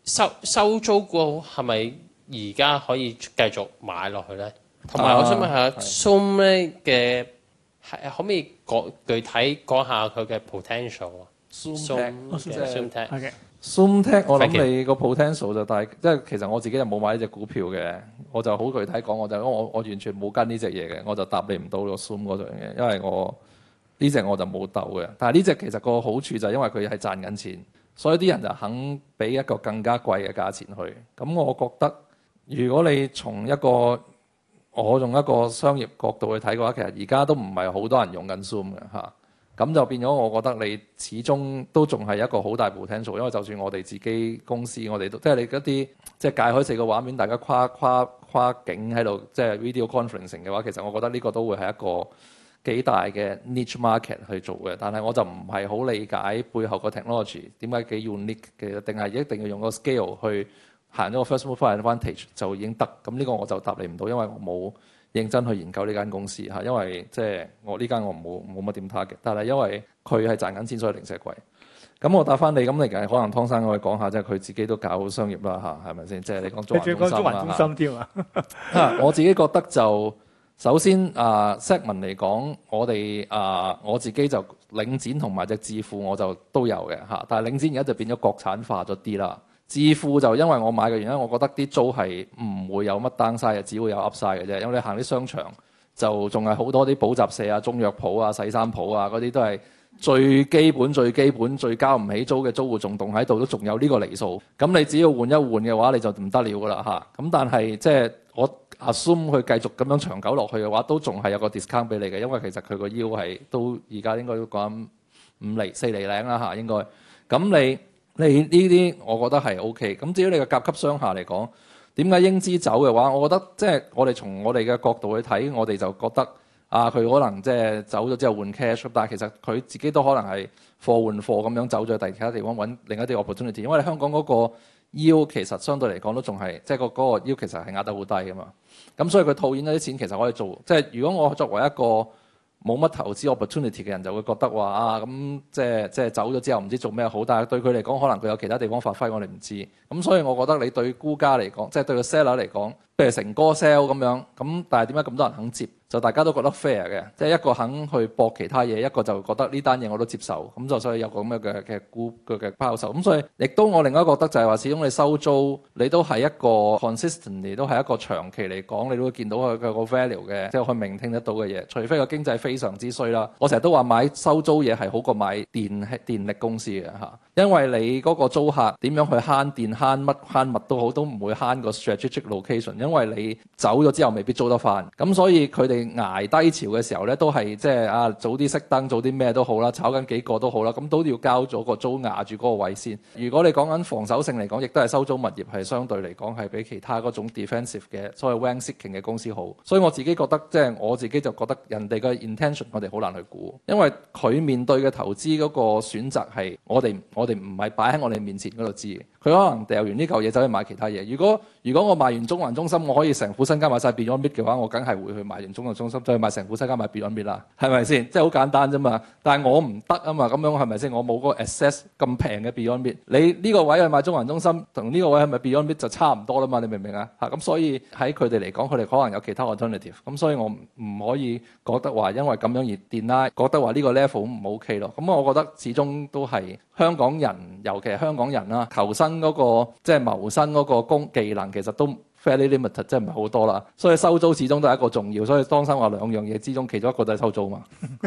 收收租股係咪而家可以繼續買落去咧？同埋、啊、我想問下 Sumley 嘅係可唔可以講具體講下佢嘅 potential 啊？Sumley，謝謝、呃。Zoom tech Thank you. 我諗你個 potential 就大，即係其實我自己就冇買呢隻股票嘅，我就好具體講我就我我完全冇跟呢隻嘢嘅，我就答你唔到個 Zoom 嗰樣嘢，因為我呢隻我就冇鬥嘅。但係呢隻其實個好處就係因為佢係賺緊錢，所以啲人就肯俾一個更加貴嘅價錢去。咁我覺得如果你從一個我用一個商業角度去睇嘅話，其實而家都唔係好多人用緊 Zoom 嘅嚇。咁就變咗，我覺得你始終都仲係一個好大部聽數，因為就算我哋自己公司，我哋都即係你嗰啲即係界開四個畫面，大家跨跨跨境喺度即係 video conferencing 嘅話，其實我覺得呢個都會係一個幾大嘅 niche market 去做嘅。但係我就唔係好理解背後個 technology 點解幾要 unique 嘅，定係一定要用個 scale 去行咗個 first move advantage 就已經得。咁呢個我就答你唔到，因為我冇。認真去研究呢間公司嚇，因為即係我呢間我冇冇乜點睇嘅，但係因為佢係賺緊錢，所以零舍貴。咁我答翻你咁，你梗係可能湯生可以講下即係佢自己都搞好商業啦嚇，係咪先？即係你講中環中心添 啊。啊 我自己覺得就首先啊，set 文嚟講，我哋啊我自己就領展同埋隻智富，我就都有嘅嚇，但係領展而家就變咗國產化咗啲啦。至乎就因為我買嘅原因，我覺得啲租係唔會有乜 down 晒，嘅，只會有 up 晒嘅啫。因為你行啲商場，就仲係好多啲補習社啊、中藥鋪啊、洗衫鋪啊嗰啲，都係最基本、最基本、最交唔起租嘅租,租戶仲，仲棟喺度都仲有呢個釐數。咁你只要換一換嘅話，你就唔得了噶啦嚇。咁、啊、但係即係我 assume 佢繼續咁樣長久落去嘅話，都仲係有個 discount 俾你嘅，因為其實佢個腰係都而家應該都講五厘、四厘零啦嚇，應該。咁你。你呢啲我覺得係 OK。咁至於你個甲級商廈嚟講，點解英資走嘅話，我覺得即係我哋從我哋嘅角度去睇，我哋就覺得啊，佢可能即係走咗之後換 cash，但係其實佢自己都可能係貨換貨咁樣走咗去，其他地方揾另一啲 opportunities。因為香港嗰個 yield 其實相對嚟講都仲係，即係個嗰個 yield 其實係壓得好低噶嘛。咁所以佢套現咗啲錢，其實可以做。即係如果我作為一個冇乜投資 opportunity 嘅人就會覺得話啊，咁即係即係走咗之後唔知做咩好，但係對佢嚟講可能佢有其他地方發揮，我哋唔知。咁所以我覺得你對沽家嚟講，即係對個 seller 嚟講，譬如成哥 sell 咁樣，咁但係點解咁多人肯接？就大家都覺得 fair 嘅，即係一個肯去搏其他嘢，一個就覺得呢單嘢我都接受，咁就所以有個咁樣嘅嘅股嘅嘅拋售，咁所以亦都我另外一個覺得就係話始終你收租你都係一個 consistently 都係一個長期嚟講你都會見到佢嘅個 value 嘅，即係去明聽得到嘅嘢，除非個經濟非常之衰啦。我成日都話買收租嘢係好過買電電力公司嘅吓，因為你嗰個租客點樣去慳電慳乜慳物都好，都唔會慳個 strategic location，因為你走咗之後未必租得翻，咁所以佢哋。捱低潮嘅時候呢，都係即係啊，早啲熄燈，早啲咩都好啦，炒緊幾個都好啦，咁都要交咗個租壓住嗰個位先。如果你講緊防守性嚟講，亦都係收租物業係相對嚟講係比其他嗰種 defensive 嘅，所謂 rent seeking 嘅公司好。所以我自己覺得，即係我自己就覺得人哋嘅 intention 我哋好難去估，因為佢面對嘅投資嗰個選擇係我哋我哋唔係擺喺我哋面前嗰度，知佢可能掉完呢嚿嘢走去買其他嘢。如果如果我賣完中環中心，我可以成副身家買晒變咗 bit 嘅話，我梗係會去賣完中中心再買成股，再加買 Beyond Meat 啦，係咪先？即係好簡單啫嘛。但係我唔得啊嘛，咁樣係咪先？我冇嗰個 access 咁平嘅 Beyond Meat。你呢個位去買中環中心，同呢個，個，個位係咪 Beyond Meat 就差唔多啦嘛？你明唔明啊？嚇咁，所以喺佢哋嚟講，佢哋可能有其他 alternative。咁所以我唔可以覺得話因為咁樣而電拉，覺得話呢個 level 唔 OK 咯。咁我覺得始終都係香港人，尤其係香港人啦，求生嗰、那個即係、就是、謀生嗰個工技能，其實都。fairly limited，真係唔係好多啦，所以收租始終都係一個重要，所以當生話兩樣嘢之中，其中一個就係收租嘛，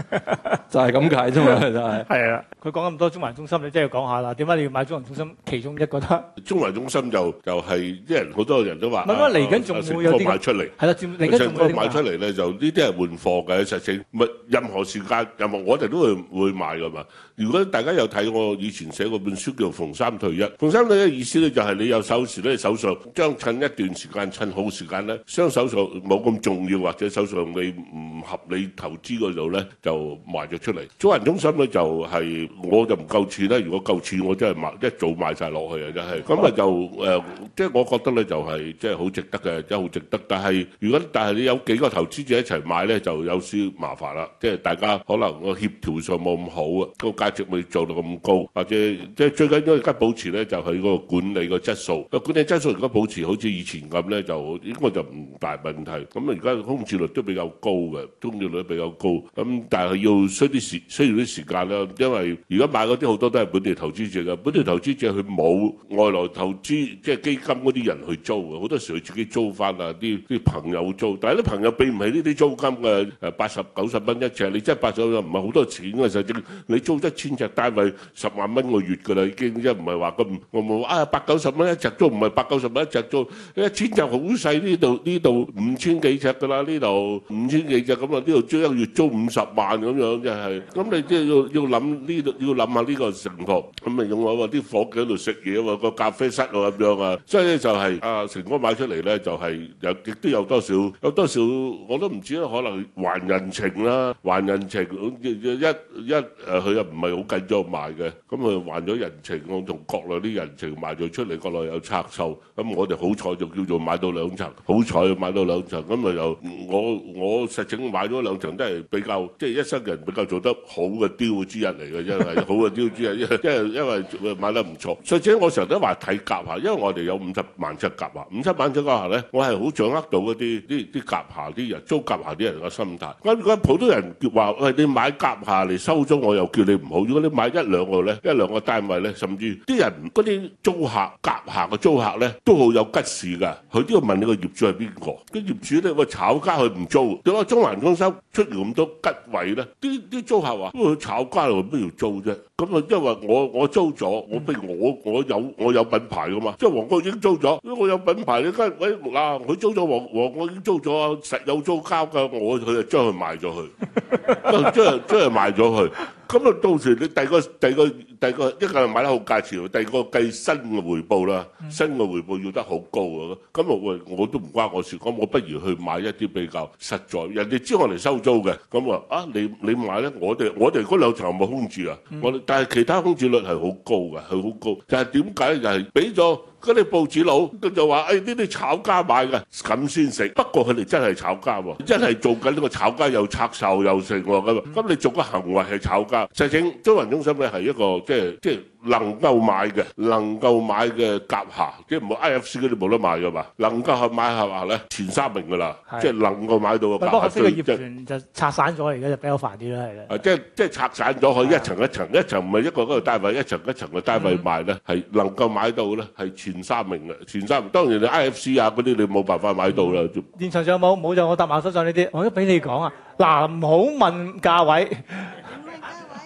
就係咁解啫嘛，就係、是。係啦 佢講咁多中環中心，你真係要講下啦。點解你要買中環中心？其中一個得中環中心就係、就係啲人好多人都話，咪咪嚟緊仲會有啲賣、啊、出嚟，係啦，接另外仲賣出嚟咧，就呢啲係換貨嘅實情，唔係任何時間，任何我哋都會會買㗎嘛。如果大家有睇我以前寫過本書叫《逢三退一》，逢三退一意思咧就係你有手時咧手上，將趁一段時間、趁好時間咧，雙手術冇咁重要或者手上你唔合理投資嗰度咧，就賣咗出嚟。租還中心咧就係我就唔夠錢咧，如果夠錢我真係賣一早賣曬落去啊！真係咁咪就誒，即係我覺得咧就係即係好值得嘅，真係好值得。但係如果但係你有幾個投資者一齊買咧，就有少少麻煩啦，即係大家可能個協調上冇咁好啊個介。價值咪做到咁高，或者即係最緊要而家保持咧，就係、是、嗰個管理嘅質素。個管理質素如果保持好似以前咁咧，就應該就唔大問題。咁而家空置率都比較高嘅，空置率比較高。咁但係要需啲時，需要啲時間啦。因為而家買嗰啲好多都係本地投資者嘅，本地投資者佢冇外來投資即係、就是、基金嗰啲人去租嘅，好多時候自己租翻啊，啲啲朋友租。但係啲朋友俾唔起呢啲租金嘅，誒八十九十蚊一尺，你真係八十又唔係好多錢嘅實際，你租得。千尺單位十萬蚊個月㗎啦，已經即係唔係話咁我冇啊百九十蚊一尺租唔係百九十蚊一尺租，一千尺好細呢度呢度五千幾尺㗎啦呢度五千幾尺咁啊呢度租一個月租五十萬咁樣即係咁你即係要要諗呢度要諗下呢個情況咁咪用我話啲夥計喺度食嘢喎個咖啡室喎咁樣啊，所以就係啊成哥買出嚟咧就係有亦都有多少有多少我都唔知啦，可能還人情啦還人情一一誒佢又唔係。係好緊張賣嘅，咁佢還咗人情，我同國內啲人情賣咗出嚟，國內有拆數，咁我哋好彩就叫做買到兩層，好彩買到兩層，咁咪又我我實情買咗兩層都係比較即係一生人比較做得好嘅雕之一嚟嘅啫，係好嘅雕之一，即係因為買得唔錯。實質我成日都話睇夾下，因為我哋有五十萬尺夾下，五十萬尺夾下咧，我係好掌握到嗰啲啲啲夾下啲人租夾下啲人嘅心態。我我普通人話喂，你買夾下嚟收租，我又叫你唔如果你買一兩個咧，一兩個單位咧，甚至啲人嗰啲租客夾客嘅租客咧，都好有吉事噶。佢都要問你業、個業主係邊個？個業主咧，個炒家佢唔租。點解中環公廁出現咁多吉位咧？啲啲租客話：因為佢炒家，我乜要租啫？咁啊，因為我我租咗，我不如我我有我有品牌噶嘛。即係黃國英租咗，因為我有品牌你梗係，喂嗱，佢、啊、租咗黃，黃國英已經租咗實有租交噶，我佢就將佢賣咗佢，將將賣咗佢。 咁啊！到時你第個第個。第第二個，一個係買得好價錢，第二個計新嘅回報啦，新嘅回報要得好高啊。咁、嗯、我、嗯、我都唔關我事，咁我不如去買一啲比較實在，人哋知我嚟收租嘅。咁啊，啊你你買咧，我哋我哋嗰兩層有冇空住啊，嗯、我哋但係其他空置率係好高嘅，係好高。但係點解？就係俾咗嗰啲報紙佬，咁就話，誒呢啲炒家買嘅咁先食。不過佢哋真係炒家喎，真係做緊呢個炒家，又拆售又食喎咁。咁、嗯嗯嗯、你做個行為係炒家，實證租人中心咧係一個。即係即係能夠買嘅，能夠買嘅夾下，即係唔係 I F C 嗰啲冇得買㗎嘛。能夠係買下話咧，前三名㗎啦。的即係能夠買到下。不過，好似個業權就拆散咗，而家就比較煩啲啦，係啦。即係即係拆散咗，可以的一層一層，一層唔係一個個單位，一層一層嘅單位賣咧，係、嗯、能夠買到咧，係前三名嘅，前三名。當然你 I F C 啊嗰啲，你冇辦法買到啦。嗯、現場上有冇？冇就我答馬身上呢啲，我都俾你講啊。嗱，唔好問價位，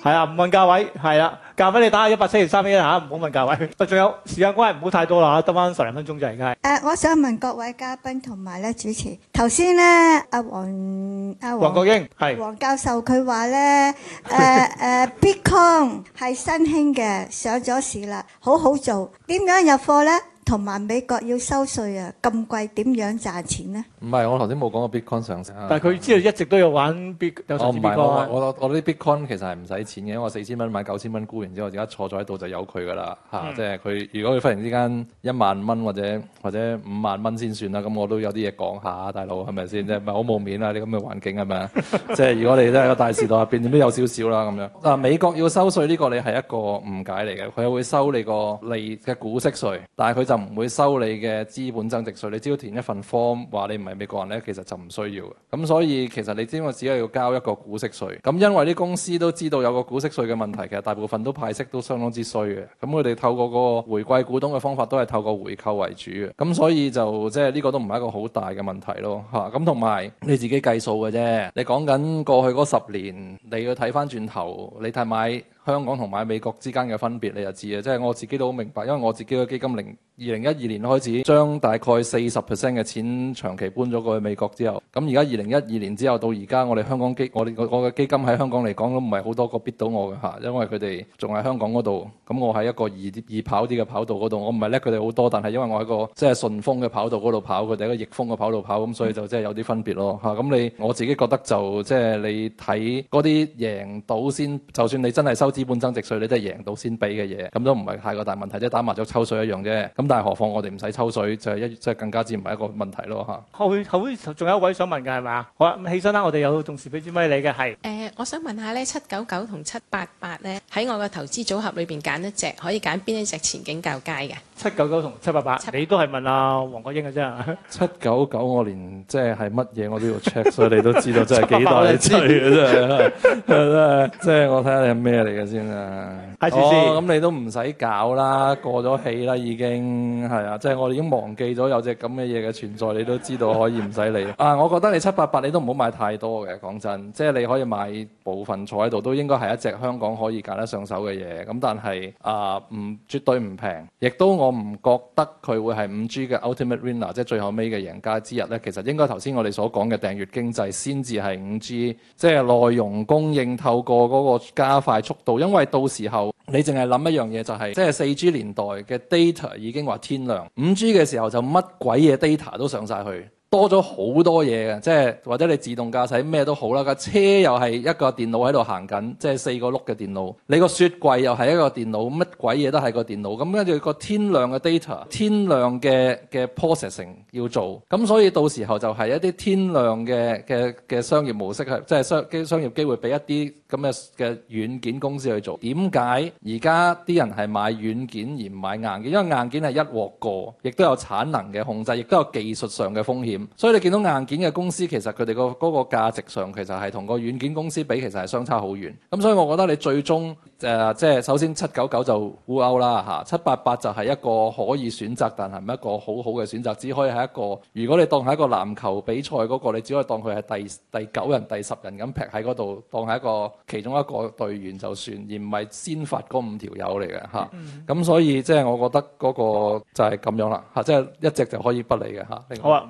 係啊，唔問價位，係啊。教翻你打一百七十三一吓，唔好問價位。仲有時間關係，唔好太多啦，得翻十零分鐘就而家。誒、呃，我想問各位嘉賓同埋咧主持，頭先咧阿黃阿黃國英係黃教授佢話咧誒誒，Bitcoin 係新興嘅，上咗市啦，好好做，點樣入貨咧？同埋美國要收稅啊，咁貴點樣賺錢呢？唔係，我頭先冇講過 Bitcoin 上市，但係佢知道一直都有玩 Bitcoin。有上哦，唔、啊、我我我啲 Bitcoin 其實係唔使錢嘅，因為我四千蚊買九千蚊沽，完之後我而家坐咗喺度就有佢噶啦嚇，啊嗯、即係佢如果佢忽然之間一萬蚊或者或者五萬蚊先算啦，咁我都有啲嘢講下，大佬係咪先即啫？唔係好冇面啊！你咁嘅環境係咪 即係如果你都都喺大時代入邊，都有少少啦咁樣。嗱，美國要收稅呢個你係一個誤解嚟嘅，佢又會收你個利嘅股息稅，但係佢就。唔會收你嘅資本增值稅，你只要填一份 form 話你唔係美國人呢，其實就唔需要嘅。咁所以其實你知，我只係要交一個股息稅。咁因為啲公司都知道有個股息稅嘅問題，其實大部分都派息都相當之衰嘅。咁佢哋透過個回饋股東嘅方法，都係透過回購為主嘅。咁所以就即係呢個都唔係一個好大嘅問題咯。嚇咁同埋你自己計數嘅啫。你講緊過去嗰十年，你要睇翻轉頭，你睇買香港同買美國之間嘅分別，你就知啊。即係我自己都好明白，因為我自己嘅基金零二零一二年開始，將大概四十 percent 嘅錢長期搬咗過去美國之後，咁而家二零一二年之後到而家，我哋香港基我哋我基金喺香港嚟講都唔係好多個逼到我嘅嚇，因為佢哋仲喺香港嗰度，咁我喺一個易易跑啲嘅跑道嗰度，我唔係叻佢哋好多，但係因為我喺個即係順風嘅跑道嗰度跑，佢哋喺個逆風嘅跑道跑，咁所以就即係有啲分別咯嚇。咁你我自己覺得就即係你睇嗰啲贏到先，就算你真係收資本增值稅，你都係贏到先俾嘅嘢，咁都唔係太過大問題，即係打麻雀抽水一樣啫咁。但係何況我哋唔使抽水，就係一，即係更加之唔係一個問題咯嚇。後，後，仲有一位想問㗎係咪？好，起身啦！我哋有同事俾支咪你嘅係。誒，我想問下咧，七九九同七八八咧，喺我嘅投資組合裏邊揀一隻，可以揀邊一隻前景較佳嘅？七九九同七八八。你都係問阿黃國英嘅啫。七九九我連即係係乜嘢我都要 check，所以你都知道真係幾大隻嘅真係。即係我睇下你係咩嚟嘅先啊。哦，咁你都唔使搞啦，過咗氣啦已經。嗯，係啊，即係我哋已經忘記咗有隻咁嘅嘢嘅存在，你都知道可以唔使理啊。啊，我覺得你七八八你都唔好買太多嘅，講真，即係你可以買部分坐喺度，都應該係一隻香港可以揀得上手嘅嘢。咁但係啊，唔絕對唔平，亦都我唔覺得佢會係五 G 嘅 Ultimate Winner，即係最後屘嘅贏家之一咧。其實應該頭先我哋所講嘅訂閱經濟先至係五 G，即係內容供應透過嗰個加快速度。因為到時候你淨係諗一樣嘢就係，即係四 G 年代嘅 data 已經。話天量，五 G 嘅時候就乜鬼嘢 data 都上晒去，多咗好多嘢嘅，即係或者你自動駕駛咩都好啦，架車又係一個電腦喺度行緊，即係四個轆嘅電腦，你個雪櫃又係一個電腦，乜鬼嘢都係個電腦，咁跟住個天量嘅 data，天量嘅嘅 processing 要做，咁所以到時候就係一啲天量嘅嘅嘅商業模式係，即係商機商業機會俾一啲。咁嘅嘅軟件公司去做，點解而家啲人係買軟件而唔買硬件？因為硬件係一鑊過，亦都有產能嘅控制，亦都有技術上嘅風險。所以你見到硬件嘅公司其實佢哋個嗰個價值上其實係同個軟件公司比其實係相差好遠。咁所以我覺得你最終。誒、呃，即係首先七九九就烏勾啦嚇、啊，七八八就係一個可以選擇，但係唔係一個好好嘅選擇，只可以係一個。如果你當係一個籃球比賽嗰、那個，你只可以當佢係第第九人、第十人咁劈喺嗰度，當係一個其中一個隊員就算，而唔係先發嗰五條友嚟嘅嚇。咁、啊嗯、所以即係我覺得嗰個就係咁樣啦嚇、啊，即係一直就可以不理嘅嚇。啊好啊。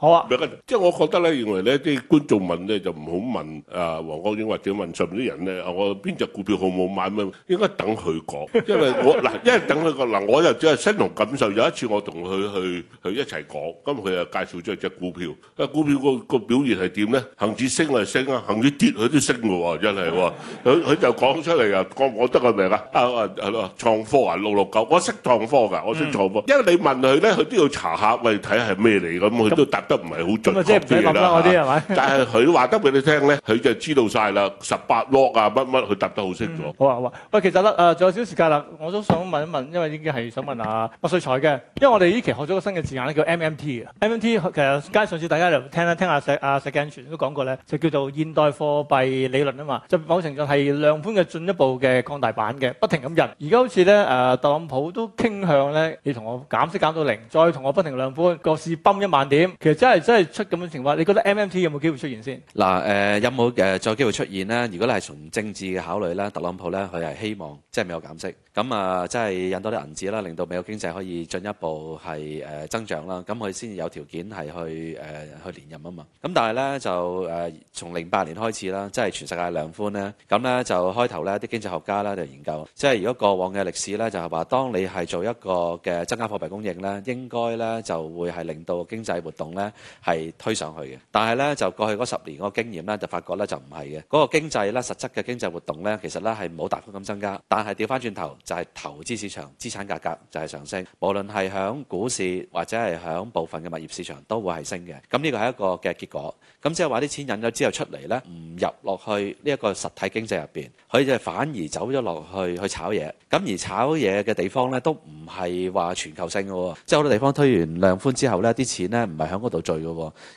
好啊，即係我覺得咧，認為咧啲觀眾問咧就唔好問啊，黃國英或者問上面啲人咧，我邊隻股票好冇買咩？應該等佢講，因為我嗱，因為等佢講嗱，我又只係身同感受。有一次我同佢去去一齊講，咁佢又介紹咗隻股票，個股票個個表現係點咧？恒指升啊升啊，恒指跌佢都升嘅喎，真係喎，佢佢就講出嚟啊，我我得個名啦，啊係咯，創科啊六六九，我識創科㗎，我識創科，因為你問佢咧，佢都要查下，喂睇係咩嚟咁，佢都特。都唔係好準確啲啦，但係佢話得俾你聽咧，佢就知道曬啦。十八 lock 啊，乜乜佢答得好清楚。好啊，好啊，喂，其實咧，誒，仲有少時間啦，我都想問一問，因為已經係想問阿麥萃才嘅，因為我哋呢期學咗個新嘅字眼咧，叫 MMT 嘅。MMT 其實，加上次大家又聽咧，聽阿石阿石鏡泉都講過咧，就叫做現代貨幣理論啊嘛，就某程度係量寬嘅進一步嘅擴大版嘅，不停咁印。而家好似咧，誒，特朗普都傾向咧，你同我減息減到零，再同我不停量寬，個市崩一萬點，其實。即係真係出咁樣情況，你覺得 MMT 有冇機會出現先？嗱，誒、呃、有冇誒再機會出現呢？如果你係從政治嘅考慮咧，特朗普咧佢係希望即係美國減息，咁啊即係引多啲銀紙啦，令到美國經濟可以進一步係誒、呃、增長啦，咁佢先至有條件係去誒、呃、去連任啊嘛。咁但係咧就誒從零八年開始啦，即係全世界量寬咧，咁咧就開頭咧啲經濟學家咧就研究，即係如果過往嘅歷史咧就係話，當你係做一個嘅增加貨幣供應咧，應該咧就會係令到經濟活動咧，係推上去嘅，但係呢，就過去嗰十年個經驗呢，就發覺呢，就唔係嘅。嗰個經濟呢，實質嘅經濟活動呢，其實呢，係冇大幅咁增加。但係調翻轉頭就係投資市場資產價格就係上升，無論係響股市或者係響部分嘅物業市場都會係升嘅。咁呢個係一個嘅結果。咁即係話啲錢引咗之後出嚟呢，唔入落去呢一個實體經濟入邊，佢就反而走咗落去去炒嘢。咁而炒嘢嘅地方呢，都唔係話全球性嘅，即係好多地方推完量寬之後呢，啲錢呢，唔係響嗰度。罪嘅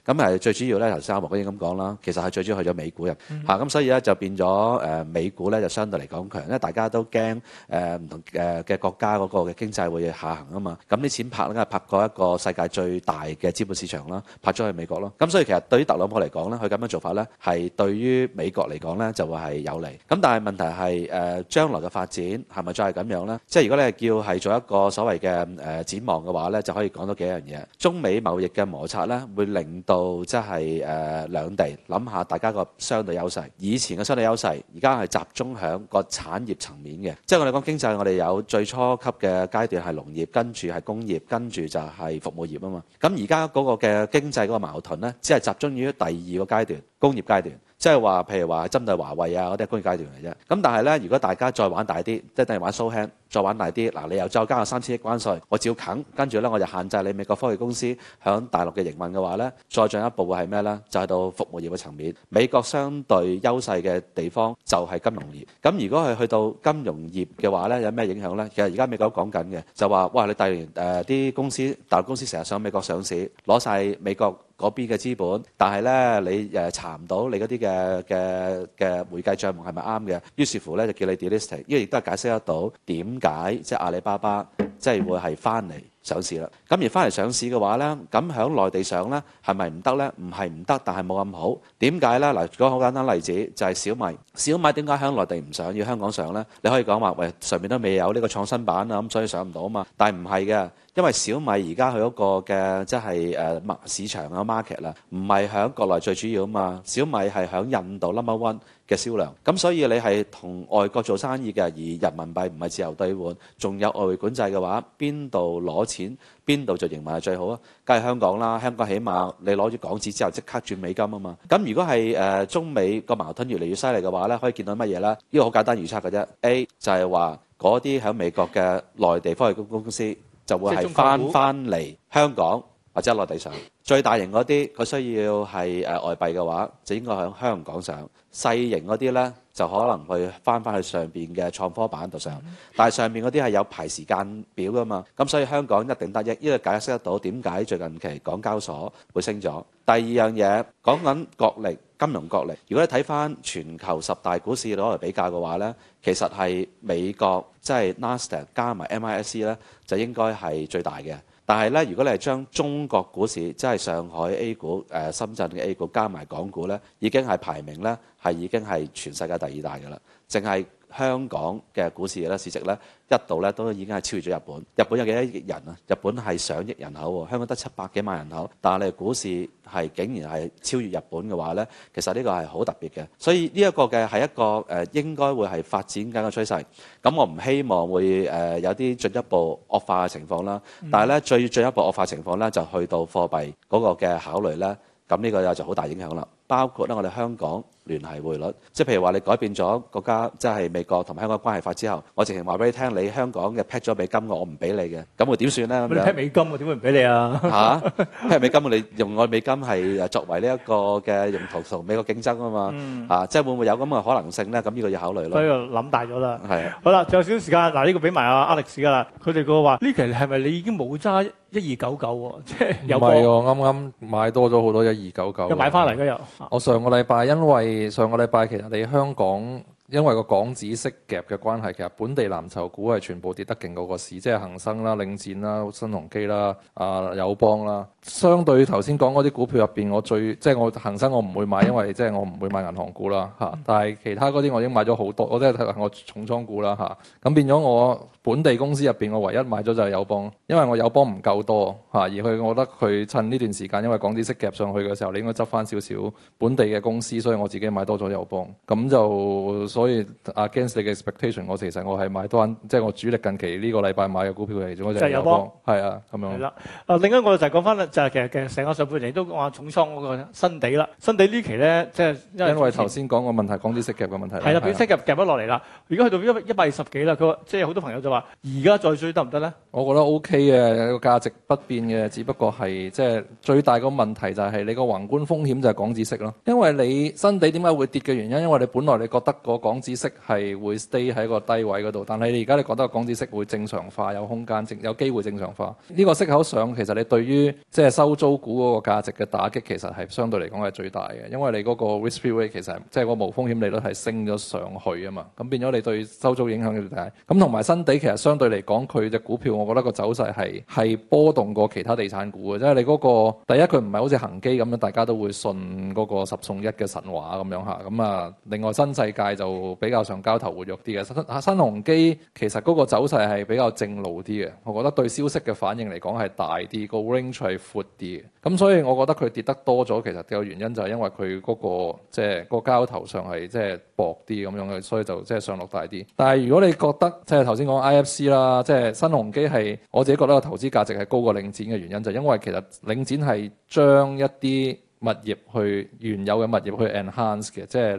咁誒最主要咧，頭先阿黃先生咁講啦，其實係最主要去咗美股入嚇，咁、嗯嗯、所以咧就變咗誒美股咧就相對嚟講強，因為大家都驚誒唔同誒嘅國家嗰個嘅經濟會下行啊嘛，咁啲錢拍咧，梗係拍過一個世界最大嘅資本市場啦，拍咗去美國咯，咁所以其實對於特朗普嚟講咧，佢咁樣做法咧，係對於美國嚟講咧就會係有利。咁但係問題係誒將來嘅發展係咪再係咁樣咧？即係如果你係叫係做一個所謂嘅誒展望嘅話咧，就可以講多幾樣嘢，中美貿易嘅摩擦咧會令到即係誒兩地諗下，想想大家個相對優勢，以前嘅相對優勢，而家係集中喺個產業層面嘅。即係我哋講經濟，我哋有最初級嘅階段係農業，跟住係工業，跟住就係服務業啊嘛。咁而家嗰個嘅經濟嗰個矛盾呢，只係集中於第二個階段工業階段。即係話，譬如話針對華為啊，嗰啲係工業階段嚟啫。咁但係呢，如果大家再玩大啲，即係等於玩 show hand 再玩大啲，嗱、啊、你又再加個三千億關稅，我照啃跟住呢，我就限制你美國科技公司響大陸嘅營運嘅話呢，再進一步嘅係咩呢？就係到服務業嘅層面。美國相對優勢嘅地方就係金融業。咁如果係去到金融業嘅話呢，有咩影響呢？其實而家美國講緊嘅就話，哇！你大陸誒啲、呃、公司大陸公司成日上美國上市，攞晒美國。嗰邊嘅資本，但係呢，你誒查唔到你嗰啲嘅嘅嘅會計帳目係咪啱嘅？於是乎呢，就叫你 delisting，因為亦都係解釋得到點解即係阿里巴巴即係會係翻嚟上市啦。咁而翻嚟上市嘅話呢，咁喺內地上呢，係咪唔得呢？唔係唔得，但係冇咁好。點解呢？嗱，如果好簡單例子就係小米，小米點解喺內地唔上要香港上呢？你可以講話喂，上面都未有呢個創新板啊，咁所以上唔到啊嘛。但係唔係嘅。因為小米而家佢嗰個嘅即係誒市場啊 market 啦，唔係喺國內最主要啊嘛。小米係喺印度 number one 嘅銷量，咁所以你係同外國做生意嘅，而人民幣唔係自由兌換，仲有外匯管制嘅話，邊度攞錢邊度就營運係最好啊？梗係香港啦，香港起碼你攞住港紙之後即刻轉美金啊嘛。咁如果係誒中美個矛盾越嚟越犀利嘅話咧，可以見到乜嘢咧？呢個好簡單預測嘅啫。A 就係話嗰啲喺美國嘅內地科技公司。就會係翻翻嚟香港或者落地上，最大型嗰啲佢需要係誒、呃、外幣嘅話，就應該喺香港上；細型嗰啲呢，就可能去翻翻去上邊嘅創科板度上，上。但係上面嗰啲係有排時間表㗎嘛，咁所以香港一定得益。呢個解釋得到點解最近期港交所會升咗。第二樣嘢講緊國力。金融角力，如果你睇返全球十大股市攞嚟比較嘅話呢，其實係美國即係 Nasdaq 加埋 MISC 呢，就應該係最大嘅。但係呢，如果你係將中國股市即係上海 A 股、誒深圳嘅 A 股加埋港股呢，已經係排名呢，係已經係全世界第二大嘅啦，淨係。香港嘅股市咧，市值咧一度咧都已經係超越咗日本，日本。日本有幾多億人啊？日本係上億人口，香港得七百幾萬人口，但係你股市係竟然係超越日本嘅話咧，其實呢個係好特別嘅。所以呢一個嘅係一個誒應該會係發展緊嘅趨勢。咁我唔希望會誒有啲進一步惡化嘅情況啦。但係咧最進一步惡化情況咧就去到貨幣嗰個嘅考慮啦。咁呢個又就好大影響啦。包括咧，我哋香港聯繫匯率，即係譬如話你改變咗國家，即係美國同埋香港關係法之後，我直情話俾你聽，你香港嘅劈咗美金我，我唔俾你嘅，咁會點算咧？咁啊，劈美金，我點會唔俾你啊？嚇，劈美金我哋用我美金係作為呢一個嘅用途同美國競爭啊嘛，啊，即係會唔會有咁嘅可能性咧？咁呢個要考慮咯。所以諗大咗啦。係啊。好啦，仲有少少時間，嗱，呢個俾埋阿阿力士啦。佢哋個話呢期係咪你已經冇揸一二九九喎？即係唔係喎？啱啱買多咗好多一二九九。又買翻嚟啦又。我上個禮拜，因為上個禮拜其實嚟香港。因為個港紙息夾嘅關係，其實本地藍籌股係全部跌得勁過個市，即係恒生啦、領展啦、新鴻基啦、啊、呃、友邦啦。相對頭先講嗰啲股票入邊，我最即係我恒生我唔會買， 因為即係、就係、我唔會買銀行股啦嚇。但係其他嗰啲我已經買咗好多，我即係睇我重倉股啦嚇。咁、啊、變咗我本地公司入邊，我唯一買咗就係友邦，因為我友邦唔夠多嚇、啊，而佢我覺得佢趁呢段時間，因為港紙息夾上去嘅時候，你應該執返少少本地嘅公司，所以我自己買多咗友邦。咁就。所以阿 g a n s t 你嘅 expectation，我其實我係買多單，即係我主力近期呢、這個禮拜買嘅股票係，總是是就係友邦，係啊，咁樣。係啦。誒，另一個就係講翻，就係、是、其實其實成個上半年都話重倉嗰個新地啦。新地期呢期咧，即、就、係、是、因為頭先講個問題，港紙息劇嘅問題。係啦、啊，港紙息入入不落嚟啦。如果去到一一百二十幾啦。佢即係好多朋友就話：而家再追得唔得咧？行行我覺得 OK 嘅，個價值不變嘅，只不過係即係最大嘅問題就係你個宏觀風險就係港紙息咯。因為你新地點解會跌嘅原因，因為你本來你覺得嗰、那個港指息係會 stay 喺一個低位嗰度，但係你而家你覺得個港指息會正常化有空間，正有機會正常化。呢個息口上其實你對於即係收租股嗰個價值嘅打擊其實係相對嚟講係最大嘅，因為你嗰個 risk free rate 其實即係個無風險利率係升咗上去啊嘛，咁變咗你對收租影響最大。咁同埋新地其實相對嚟講，佢隻股票我覺得個走勢係係波動過其他地產股嘅，即係你嗰個第一佢唔係好似恒基咁樣，大家都會信嗰個十送一嘅神話咁樣嚇。咁啊，另外新世界就。比較上交投活躍啲嘅新新鴻基其實嗰個走勢係比較正路啲嘅，我覺得對消息嘅反應嚟講係大啲，個 range 係闊啲，嘅。 咁所以我覺得佢跌得多咗，其實個原因就係因為佢嗰、那個即係、就是、個交投上係即係薄啲咁樣嘅，所以就即係上落大啲。但係如果你覺得即係頭先講 IFC 啦，即、就、係、是、新鴻基係我自己覺得個投資價值係高過領展嘅原因，就是、因為其實領展係將一啲。物業去原有嘅物業去 enhance 嘅，即係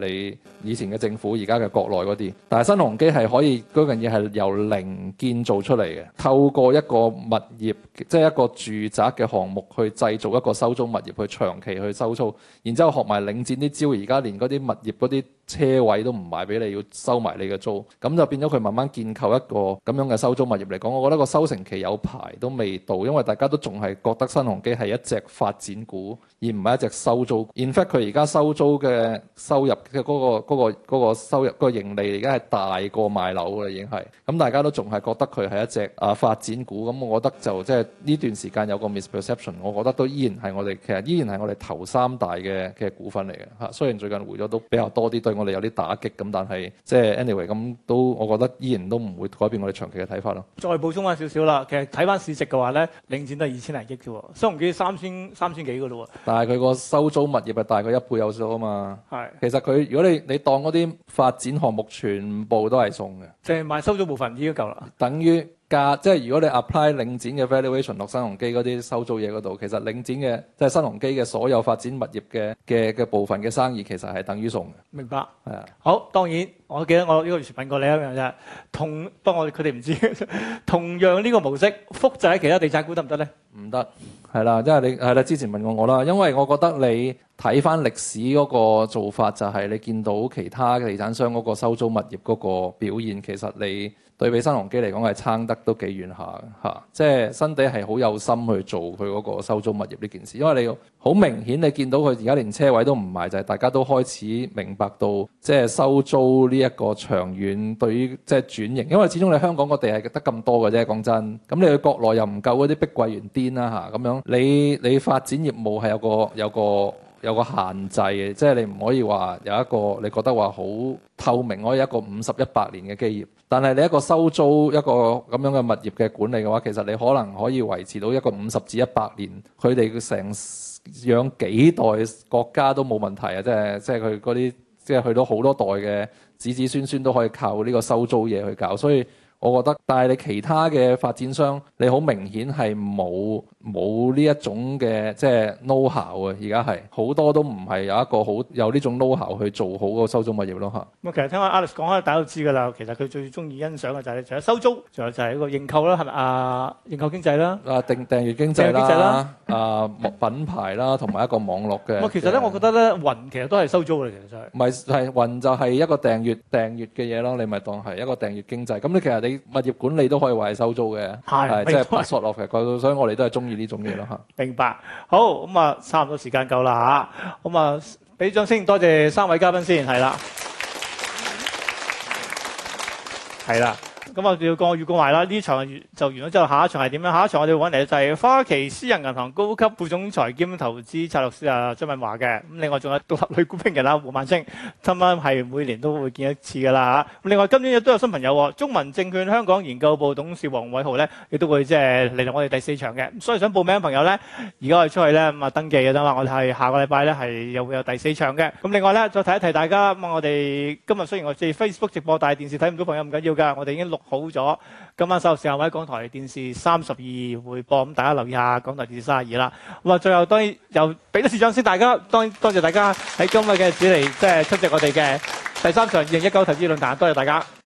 你以前嘅政府而家嘅國內嗰啲，但係新鴻基係可以嗰樣嘢係由零建造出嚟嘅，透過一個物業，即係一個住宅嘅項目去製造一個收租物業去長期去收租，然之後學埋領展啲招，而家連嗰啲物業嗰啲。車位都唔賣俾你，要收埋你嘅租，咁就變咗佢慢慢建構一個咁樣嘅收租物業嚟講，我覺得個收成期有排都未到，因為大家都仲係覺得新鴻基係一隻發展股，而唔係一隻收租。In fact，佢而家收租嘅收入嘅嗰個嗰個嗰個收入個盈利而家係大過賣樓㗎啦，已經係咁，大家都仲係覺得佢係一隻啊發展股。咁我覺得就即係呢段時間有個 misperception，我覺得都依然係我哋其實依然係我哋頭三大嘅嘅股份嚟嘅嚇。雖然最近回咗都比較多啲我哋有啲打擊咁，但係即係 anyway 咁，都我覺得依然都唔會改變我哋長期嘅睇法咯。再補充翻少少啦，其實睇翻市值嘅話咧，領展都係二千零億啫，蘇豪幾三千三千幾嘅咯喎。但係佢個收租物業係大概一倍有數啊嘛。係是，其實佢如果你你當嗰啲發展項目全部都係送嘅，就係買收租部分已經夠啦。等於。價即係如果你 apply 領展嘅 valuation 落新鴻基嗰啲收租嘢嗰度，其實領展嘅即係新鴻基嘅所有發展物業嘅嘅嘅部分嘅生意，其實係等於送。明白係啊。的好，當然我記得我呢個月問過你一樣嘢，同不過我佢哋唔知。同樣呢個模式，個模式複製喺其他地產股得唔得咧？唔得係啦，因為你係啦。之前問過我啦，因為我覺得你睇返歷史嗰個做法就係、是、你見到其他地產商嗰個收租物業嗰個表現，其實你。對比新鴻基嚟講，係撐得都幾遠下嚇，即係新地係好有心去做佢嗰個收租物業呢件事，因為你好明顯你見到佢而家連車位都唔賣，就係大家都開始明白到即係收租呢一個長遠對於即係轉型，因為始終你香港個地係得咁多嘅啫，講真。咁你去國內又唔夠嗰啲碧桂園癲啦嚇，咁樣你你發展業務係有個有個。有個有個限制嘅，即係你唔可以話有一個你覺得話好透明，可以一個五十一百年嘅基業。但係你一個收租一個咁樣嘅物業嘅管理嘅話，其實你可能可以維持到一個五十至一百年，佢哋成養幾代國家都冇問題啊！即係即係佢嗰啲，即係去到好多代嘅子子孫孫都可以靠呢個收租嘢去搞，所以。我覺得，但係你其他嘅發展商，你好明顯係冇冇呢一種嘅即係 know-how 啊！而家係好多都唔係有一個好有呢種 know-how 去做好嗰個收租物業咯嚇。咁其實聽下 Alex 講開，大家都知㗎啦。其實佢最鍾意欣賞嘅就係除咗收租，仲有就係個認購啦，係咪啊？認購經濟啦，啊訂訂閱經濟啦，經濟啦啊，啊 品牌啦，同埋一個網絡嘅。其實咧、就是，我覺得咧，雲其實都係收租嘅。其實就係、是。咪係雲就係一個訂閱訂閱嘅嘢咯，你咪當係一個訂閱經濟。咁你其實你。物業管理都可以話係收租嘅，係即係不索落嘅，所以我哋都係中意呢種嘢咯吓。明白，好，咁啊，差唔多時間夠啦吓，咁啊，俾掌聲多謝三位嘉賓先，係啦，係啦。 咁我叫過預告埋啦，呢場就完咗之後，下一場係點樣？下一場我哋揾嚟就係花旗私人銀行高級副總裁兼投資策略師啊張敏華嘅。咁另外仲有獨立女股評人啦胡萬清，今晚係每年都會見一次噶啦嚇。咁另外今年亦都有新朋友，中文證券香港研究部董事黃偉豪咧，亦都會即係嚟到我哋第四場嘅。所以想報名嘅朋友咧，而家係出去咧，咁啊登記嘅啫嘛。我哋係下個禮拜咧，係又會有第四場嘅。咁另外咧，再提一提大家，咁啊我哋今日雖然我哋 Facebook 直播，但係電視睇唔到朋友唔緊要㗎，我哋已經錄。好咗，今晚收視後喺廣台電視三十二回播，咁大家留意下港台電視三十二啦。咁啊，最後當然又俾多次掌聲，大家當然多謝大家喺今日嘅只嚟即係出席我哋嘅第三場二零一九投資論壇，多謝大家。